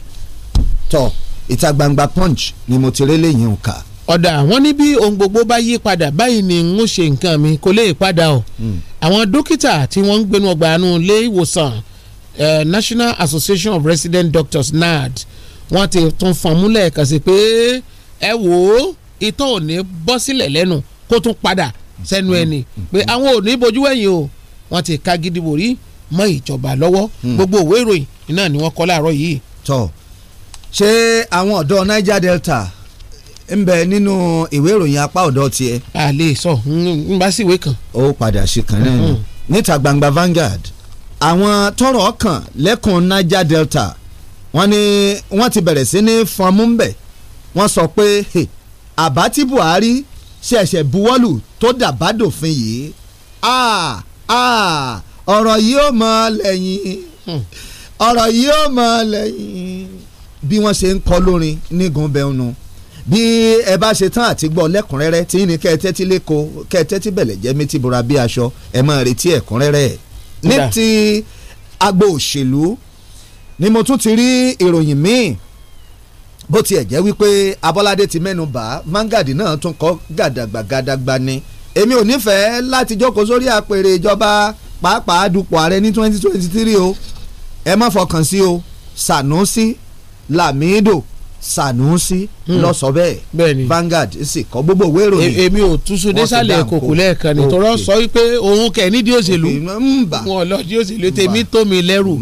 Speaker 16: tọ́ ìta gbangba punch ni mo ti rélé yìí ń kà ọ̀dà wọ́n ní bí ohun gbogbo bá yí padà báyìí ni n ṣe nǹkan mi kò lè padà o hmm. àwọn dókítà tí wọ́n ń gbénu ọgbà àánú ilé Eh, National Association of Resident Doctors NARD wọ́n ti tún fọ̀múlẹ̀ kan sí pé ẹ wò ó ìtọ̀ ò ní bọ́ sílẹ̀ lẹ́nu kó tún padà sẹ́nu ẹni pé àwọn ò ní bojú wẹ̀yìn o wọ́n ti ka gidi borí mọ́ ìjọba lọ́wọ́ hmm. gbogbo òwe ìròyìn iná ni wọ́n kọ láàárọ̀ yìí. tọ́
Speaker 17: ṣé àwọn ọ̀dọ́ Niger Delta ń bẹ nínú ìwé ìròyìn apá ọ̀dọ́ tiẹ̀. a lè sọ n bá sí ìwé kan. ó padà sí kan náà hmm. níta gbangba Vanguard àwọn tọrọ ọkàn lẹ́kùn Niger Delta wọ́n ní wọ́n ti bẹ̀rẹ̀ sí ní fọnmú ńbẹ̀ wọ́n sọ pé àbá tí Buhari ṣẹ̀ṣẹ̀ buwọ́lù tó dàbádòfin yìí ọ̀rọ̀ yìí ó mọ lẹ́yìn hmm. ọ̀rọ̀ yìí ó mọ lẹ́yìn bí wọ́n ṣe ń kọ́ lórin nígun bẹ́ẹ̀nu bí ẹ bá ṣe tán àti gbọ́ lẹ́kùnrẹ́rẹ́ tí ní kẹ́ ẹ tẹ́tí lẹ́kọ̀ọ́ kẹ́ ẹ tẹ́tí bẹ̀lẹ̀ jẹ́ mi bora bí aṣọ ẹ máa retí ẹ̀kúnrẹ́rẹ́ ẹ̀ ní ti agbo òṣèlú ni mo tún ti rí ìròyìn míì bó tiẹ̀ jẹ́ wípé Abọ́ládé ti mẹ́nu bà á Mangadi náà tún kọ́ gàdàgbà gàdàgbà ni èmi ò nífẹ̀ẹ́ láti jókòó sórí àpèrè ìjọba pàápàá dupò ààrẹ ní twenty twenty three o ẹ má fọkàn sí o Sanusi Lamido Sanusi mm. lọ sọ bẹ́ẹ̀ Vanguard sì kọ gbogbo ìwé
Speaker 5: ìròyìn. E-, èmi ò túnṣu désàlẹ̀ kòkó lẹ́ẹ̀kan ni tọrọ sọ
Speaker 16: wípé òun kẹ̀ nídìí òṣèlú wọn lọ́dí òṣèlú tèmi tómi lẹ́rù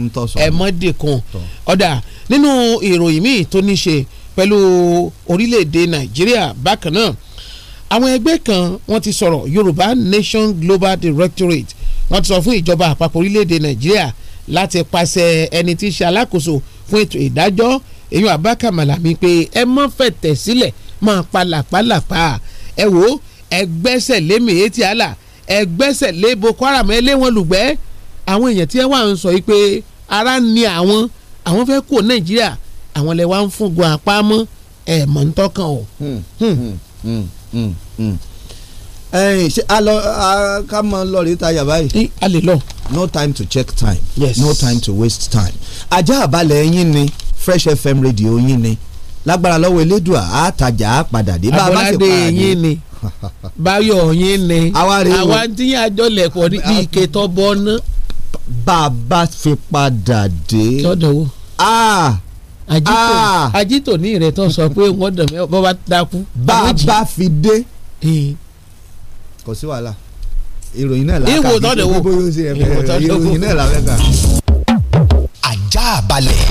Speaker 16: ẹ̀mọ́dé kan ọ̀dà nínú ìròyìn míì tó ní ṣe pẹ̀lú orílẹ̀-èdè Nàìjíríà bákan náà àwọn ẹgbẹ́ kan wọ́n ti sọ̀rọ̀ Yorùbá Nation Global Directorate wọ́n ti sọ fún ìjọba àpapọ̀ orílẹ̀-èdè Nàìjíríà láti pàṣẹ ẹni tí í ṣe alákòóso fún ètò ìdájọ́ èyí abaka malami pé ẹ mọ́ fẹ̀tẹ̀ sílẹ̀ máa palàpalàpà ẹ wò ó ẹ gbẹ́sẹ̀ lé mèétì àlà ẹ gbẹ́sẹ̀ lé Boko Haram ẹ lé wọn lùgbẹ́ àwọn èèyàn tí ẹ wà ń sọ yìí pé ara ni àwọn àwọn fẹ́ kó Nàìjíríà àwọn lè wá ń fún gun apá mọ́ ẹ mọ̀ ń tọ́kàn o. Hmm, hmm,
Speaker 5: hmm,
Speaker 17: ṣe a ká mọ lọ ta yàrá yìí. a lè lọ. no time to check time. yes no time to waste time. ajá àbálẹ̀ ẹ̀yin ni. Fresh FM radio yín ni lágbára lọ́wọ́ elédùà àtàjà àpàdà dé bá a bá sì pa àdé. àbọ̀ládé yín ni
Speaker 16: báyọ̀ yín ni àwa tí yín àjọlẹ̀ pọ̀ ní ike tó bọ́ ná. bá a bá fi
Speaker 17: padà dé.
Speaker 16: tọ́dọ̀ wo. aa àjítò àjítò ní ìrètọ́ sọ pé wọ́n dàn mí bọ́ bá dákú. bá a bá fi dé.
Speaker 17: kò sí wàhálà ìròyìn náà làákà ìwò tọ́dọ̀ wo ìròyìn náà làákà. ajá balẹ̀.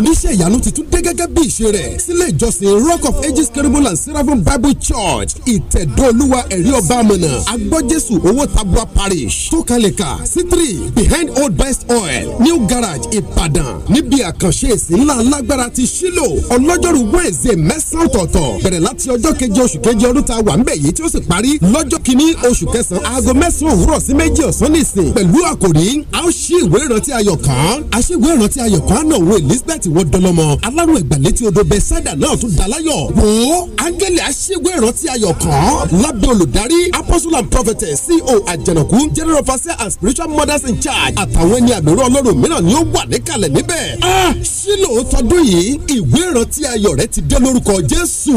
Speaker 8: oníṣẹ́ ìyanu ti tún dé gẹ́gẹ́ bí ìṣe rẹ̀ sílé ìjọsìn rock of ages kerimol and seraphim bible church ìtẹ̀dọ́olúwa ẹ̀rí ọba àmọ̀nà agbọ́jésù owó tabua parish tó kalẹ̀ ká sí three behind old best oil new garage ìbàdàn níbi àkànṣe ìsìn ńlá alágbára ti ṣílò ọlọ́jọ́rú wẹ́ẹ̀sì mẹ́sàn-án ọ̀tọ̀ọ̀tọ̀ bẹ̀rẹ̀ láti ọjọ́ keje oṣù keje ọdún tá a wà ńbẹ̀ yìí tí ó sì parí lọ́jọ́ kìíní oṣù kẹsàn-án aago mẹ́sàn-án òwúrọ̀ sí méjì ọ̀sán nìsín pẹ̀lú àkòrí a ó ṣí ìwé ìrántí ayọ̀ kan àṣìwé ìrántí ayọ̀ náà wo elizabeth wọ́n dọ́lọ́mọ alárùn ìgbàlétí odò bẹ́sẹ̀dà náà tún dalayọ̀ wò ó áńgẹ́lì aṣẹ́gun ìrántí ayọ̀ kan lábẹ́ olùdarí apostle and prophetess ceo àjànàkú general pastor and spiritual mothers in charge àtàwọn ẹni àmìrán ọlọ́run mìíràn ni ó wà níkàlẹ̀ níbẹ̀ ah tọdún yìí ìwé ìrántí ayọ̀ rẹ ti dé lórúkọ jésù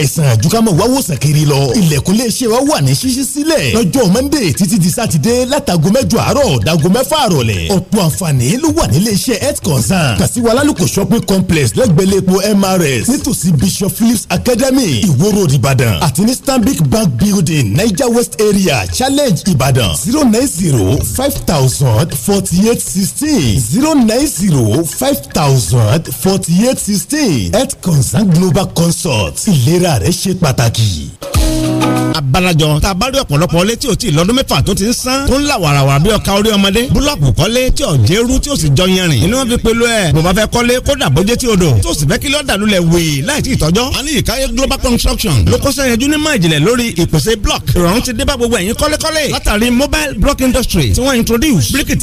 Speaker 8: àìsàn àjùkámọ̀ wá wòsàn kiri lọ. ilẹ̀kùn lè wa wà ní ṣíṣí sílẹ̀. lọ́jọ́ monday títí di sátidé látago mẹ́jọ àárọ̀ dago mẹ́fà àrọ̀lẹ̀. ọ̀pọ̀ àǹfààní ló wà nílé health concern. kàṣíwá lálùkò shopping complex lẹ́gbẹ̀lẹ́ epo mrs nítòsí bishop phillips academy ìwó ìbàdàn àti ní stanbic bank building niger west area challenge ìbàdàn zero nine zero five thousand forty eight sixteen zero nine zero five
Speaker 7: thousand forty eight sixteen health concern global consult ìlera ìlera rẹ ṣe pàtàkì abalajọ tabari ọ̀pọ̀lọpọ̀ ilé tí o ti lọ́dún mẹ́fà tó ti ń san tó ń la warawara bí ọkà orí ọmọdé búlọ́ọ̀kù kọ́lé tí ò jẹ́rú tí o sì jọ yanrìn inú wọn fi pelu ẹ̀ bó bá kọ́lé kódà bójé tí o dò tó sì fẹ́ kí lọ́ọ̀dà lulẹ̀ wèé láì tí ì tọ́jọ́ aliyikaye global construction ló kọ́sẹ́ yẹjú ní máa ìjìnlẹ̀ lórí ìpèsè block ìrọ̀rùn ti dé gbogbo ẹ̀yin kọ́lékọ́lé látàrí mobile block industry tí wọ́n introduce bíríkì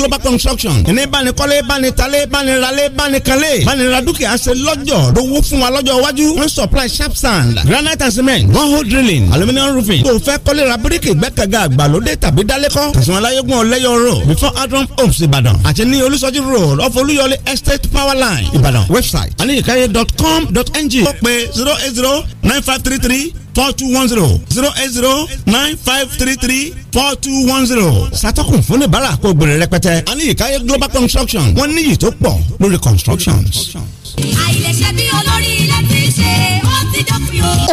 Speaker 7: global construction ní bánikọ́lé bánitalé bániralé bánikanlé bánira dúkìá ṣe lọ́jọ́ lówó fún wa lọ́jọ́ iwájú wọ́n supply sharp sand granite and cement one hole drilling aluminium roofing tó fẹ́ kọ́lé ra bíríkì gbẹ́kẹ̀gà àgbàlódé tàbí dálékọ́ tẹ̀sánláyégún ọ̀lẹ́yọ̀ road before adron homes Ìbàdàn àti ní olùsọ́jú road of Olúyọ̀lé estate power line Ìbàdàn website aniyikaye dot com dot ng ó pe zero eight zero nine five three three four two one zero zero eight zero nine five three three four two one zero. ṣàtọ́kùn fún oníbàárà kó gbèrè rẹpẹtẹ. a ní ìkáyé global construction wọ́n níyì tó pọ̀ lórí constructions.
Speaker 15: àìlèṣẹ́ bí olórí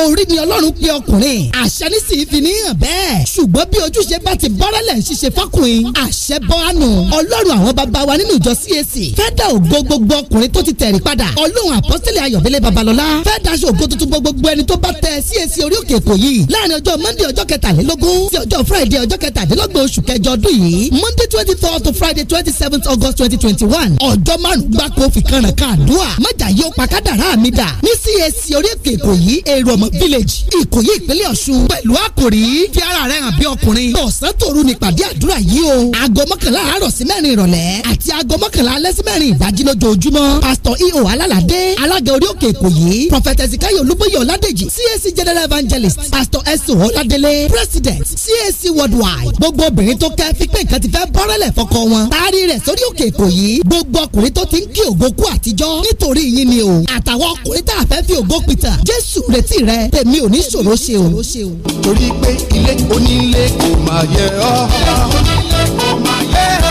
Speaker 15: orí
Speaker 11: ni ọlọ́run pe ọkùnrin àṣẹ nísìnyí fi níyàn bẹ́ẹ̀ ṣùgbọ́n bí ojúṣe bá ti bọ́rẹ́lẹ̀ ń ṣiṣẹ́ fọkùnrin àṣẹ bọ́ àánú ọlọ́run àwọn bàbá wa nínú ìjọ CAC fẹ́dà ògo gbogbo ọkùnrin tó ti tẹ̀rí padà ọlọ́run àpọ́sítélì ayọ̀délé babalọ́lá fẹ́dà ṣe ògo tuntun gbogbo ẹni tó bá tẹ CAC orí òkè èkó yìí láàrin ọjọ́ monday ọjọ́ kẹtàlélógún sí ọjọ́ friday ọjọ́ kẹtàdínlọ́gbọ̀n oṣù kẹjọ ọdún yìí monday twenty four to friday twenty seven august twenty twenty one ọjọ́ márùn-ún gbáko fìkanràn kan àdúrà májà yóò pa kádàrá mi dà ní CAC orí òkè èkó yìí ìrọ̀mọ́ village ìkòyí ìpínlẹ̀ ọ̀ṣun pẹ̀lú àkòrí fi ara rẹ̀ hàn bí ọkùnrin ọ̀sán tòru ní ìpàdé àdúrà yìí o aago mọ́kànlá àárọ̀ sí mẹ́rin ìrọ̀lẹ́ àti aago mọ́kànlá alẹ́ sí mẹ́rin ìdájí lójoojúmọ́ pásítọ̀ eo alálàdé alága orí òkè ìkòyí prophet ezekiel olúbóyè ọ̀ládèjì cac general evangelist pastor eso ọ̀ládélé president cac worldwide gbogbo obìnrin tó kẹ́ fipé nǹkan ti fẹ́ bọ́rẹ́lẹ̀ fọkọ wọn taari rẹ̀ sórí òkè ìkòyí gbogbo ọkùnrin tó ti ń kí ògo kú àtijọ́ nítorí yín ni o àtàwọn ọkùnrin tá a fẹ́ fi ògo pìtà jésù rẹ̀ títì rẹ tèmi ò ní ṣòro ṣe o. torí pé ilé onílé kò máa yẹ ọ́. ilé onílé kò máa yẹ
Speaker 7: ọ́.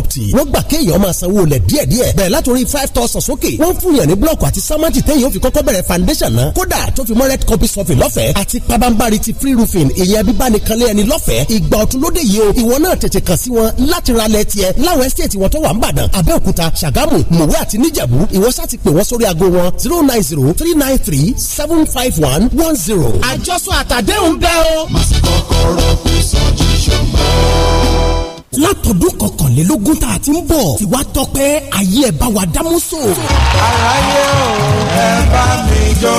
Speaker 8: property wọ́n gbà kéèyàn máa sanwó lẹ̀ díẹ̀díẹ̀ bẹ̀rẹ̀ látòrí five thousand sókè wọ́n fún yàn ní blọọkù àti sámẹ́ǹtì
Speaker 7: téèyàn fi kọ́kọ́ bẹ̀rẹ̀ foundation náà kódà tó fi mọ́ red copy sọ́fìn lọ́fẹ̀ẹ́ àti pabambari ti free roofing ìyẹn bíbá nìkan lé ẹni lọ́fẹ̀ẹ́ ìgbà ọ̀tun lóde yìí o ìwọ náà tètè kàn sí wọn láti ra lẹ̀ tiẹ̀
Speaker 8: láwọn estate wọn tó wà ń bàdàn abẹ́òkúta ṣàgámù mòwe àti níjẹ̀bú ìwọ sá ti pè wọ́n sórí aago wọn
Speaker 10: zero nine zero three nine three seven five one one zero.
Speaker 7: àjọsọ àtàdéhùn bẹ́ẹ̀ o. màsí kọ́kọ́rọ́
Speaker 5: fi sọ́jú
Speaker 10: ṣùgbọ́n látọ̀dún kọkànlélógún tá a ti ń bọ̀ tí wàá tọpẹ́ ayé ẹ̀ bá wa dámúso. aráyé o ẹ bá mi jó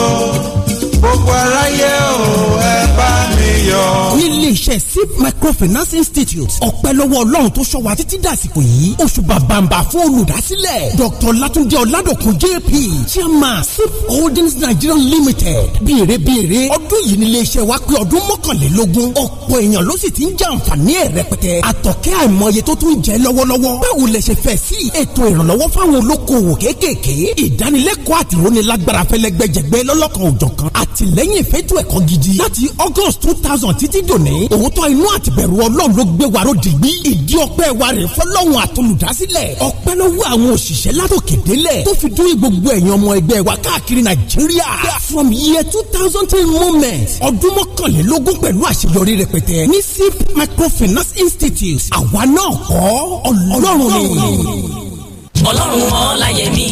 Speaker 10: gbogbo aráyé o ẹ bá mi àṣeyọ. nílé iṣẹ́ sip microfinance institute ọ̀pẹ́ lọ́wọ́ ọlọ́run tó ṣọ́ wa títí dàsìkò yìí oṣù bàbàǹbà fún olùdásílẹ̀ dr latunde ọ̀làdọ̀kun jp chairman sip holdings nigeria limited béèrè béèrè ọdún yìí nílé iṣẹ́ wa pé ọdún mọ́kànlélógún ọ̀pọ̀ èèyàn ló sì ti ń jẹ àǹfààní ẹ̀ rẹpẹtẹ àtọ̀kẹ́ àìmọye tó tún jẹ́ lọ́wọ́lọ́wọ́
Speaker 7: báwo lẹ ṣe fẹ́ sí ètò ìrànlọ́wọ́ fáwọn olókoòwò kéékèèké ìdánilẹ́kọ̀ọ́ àtìrónilágbára fẹlẹ́gbẹ́jẹgbẹ́ lọ́lọ́kan òjọ̀kan àtìlẹ́yìn ìfẹ́tò ẹ̀kọ́ gidi láti august two thousand
Speaker 10: títí dòní òótọ́ inú àtìbẹ̀rù ọlọ́run ló gbé wa ròdì bí ìdí ọpẹ́ wa rè fọlọ́run àtolùdásílẹ̀ ọpẹ́ lọ́wọ́ àwọn òṣìṣẹ́ látòkè délẹ̀ tó fi dún gbogbo ẹ̀yin ọmọ ẹgbẹ́ wa káàkiri nàìjíríà from year two thousand ten moment ọdún mọ́kànlélógún pẹ̀lú àṣeyọrí rẹpẹtẹ ní sip microfinance institute àwa náà kọ́ ọlọ́run ni
Speaker 15: ọlọ́run ọláyẹmí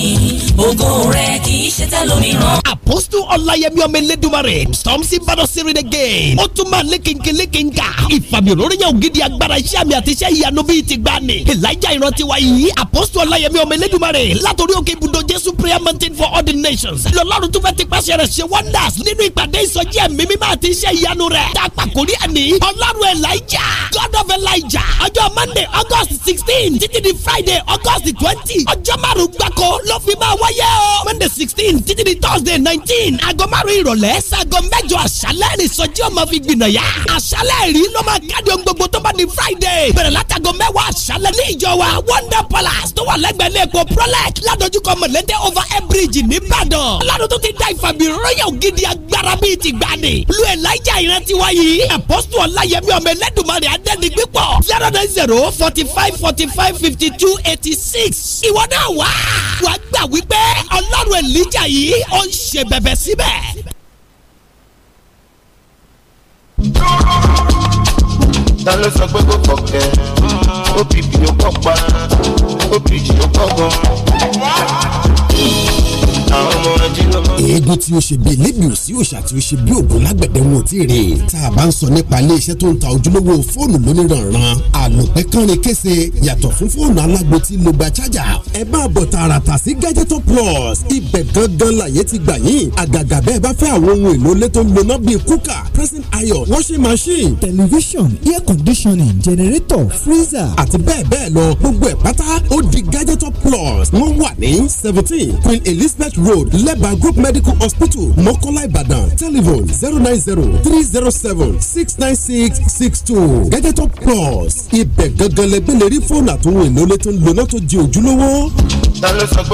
Speaker 15: ògo rẹ kì í ṣe tẹ́lómìíràn.
Speaker 10: apostle ọláyẹmí ọmọ elédùmarè storms ìbàdàn sírin again ó tún máa lékenkè lékenka ìfàmì òróyìn ògidì agbára iṣẹ́ àmì àti iṣẹ́ ìyanu bíi ti gbà ní elijah ìrántí wa yìí apostle ọláyẹmí ọmọ elédùmarè látòrí òkè ibùdó jésù prayer mountain for all the nations lọ́lọ́run tún fẹ́ ti pàṣẹ rẹ̀ ṣe wonders nínú ìpàdé ìsọjí ẹ̀mí mímọ́ àti iṣẹ́ ìyanu rẹ̀ dàpà kò ní ẹni ọlọ́run elijah god of elijah ọjọ́ monday august sixteen títí di friday august twenty yìí ọjọ́ márùn-ún gbáko ló fi máa wáyé o monday sixteen títí di thursday nineteen aago márùn-ún ìrọ̀lẹ́ sago mẹ́jọ àṣálẹ́ ìrìnsọjí ọmọ fi gbìnàyà àṣálẹ́ ìrí ló máa káàdì ohun gbogbo tó bá di friday bẹ̀rẹ̀ látago mẹ́wàá àṣálẹ́ ní ìjọ wa wonder palace tó wà lẹ́gbẹ̀ẹ́ ilé epo prolec ládojúkọ mọ̀lẹ́tẹ̀ over airbridge nìbàdàn ládùn tó ti dá ìfàmì royal gidi agbára bíi ti gbani lu elijah ìrántí wáyé apostle ọláyẹmí ọmọ ẹlẹ́dùnmarè adẹ́nigbípọ̀ zero nine zero forty five forty five fifty two eighty six ìwọ náà wá wàá gbà wípé ọlọ́run èlíjà yìí
Speaker 7: ó ń ṣe bẹ̀bẹ̀ síbẹ̀. ta ló sọ pé kò fọkẹ ó bìbì ó pọ̀ pa
Speaker 3: ó bìbì ó pọ̀ gan
Speaker 8: eégún tí ó ṣe bíi níbi òsì òṣà tí ó ṣe bíi ògùn lágbẹ̀dẹ̀ wọn ò tí ì rè é tá a bá ń sọ
Speaker 7: nípa ilé tó ń ta ojúlówó fóònù lóníranran àlòpẹ́ kánrin kése yàtọ̀ fún fóònù alágbo tí mo gba chájà ẹ bá bọ̀ tààràtà sí gadgetor plus ibẹ̀ gangan láyé ti gbà yín àgàgà bẹ́ẹ̀ bá fẹ́ àwọn ohun èlò ilé tó ń lona bíi kúkà pressing iron washing machine television air conditioning generator freezer àti bẹ́ẹ̀ bẹ́ẹ̀ lọ gbogbo ẹ̀
Speaker 8: pátá ó di gadgetor plus wọ́n wà ní seventeen queen elizabeth road leba group medical hospital mokola ibadan telephone zero nine zero three zero seven six nine six six two gadgetor plus ibẹ̀ gangan lẹgbẹ́ lè rí fóònù àtúnwò ìnáwó tó tó di ojúlówó.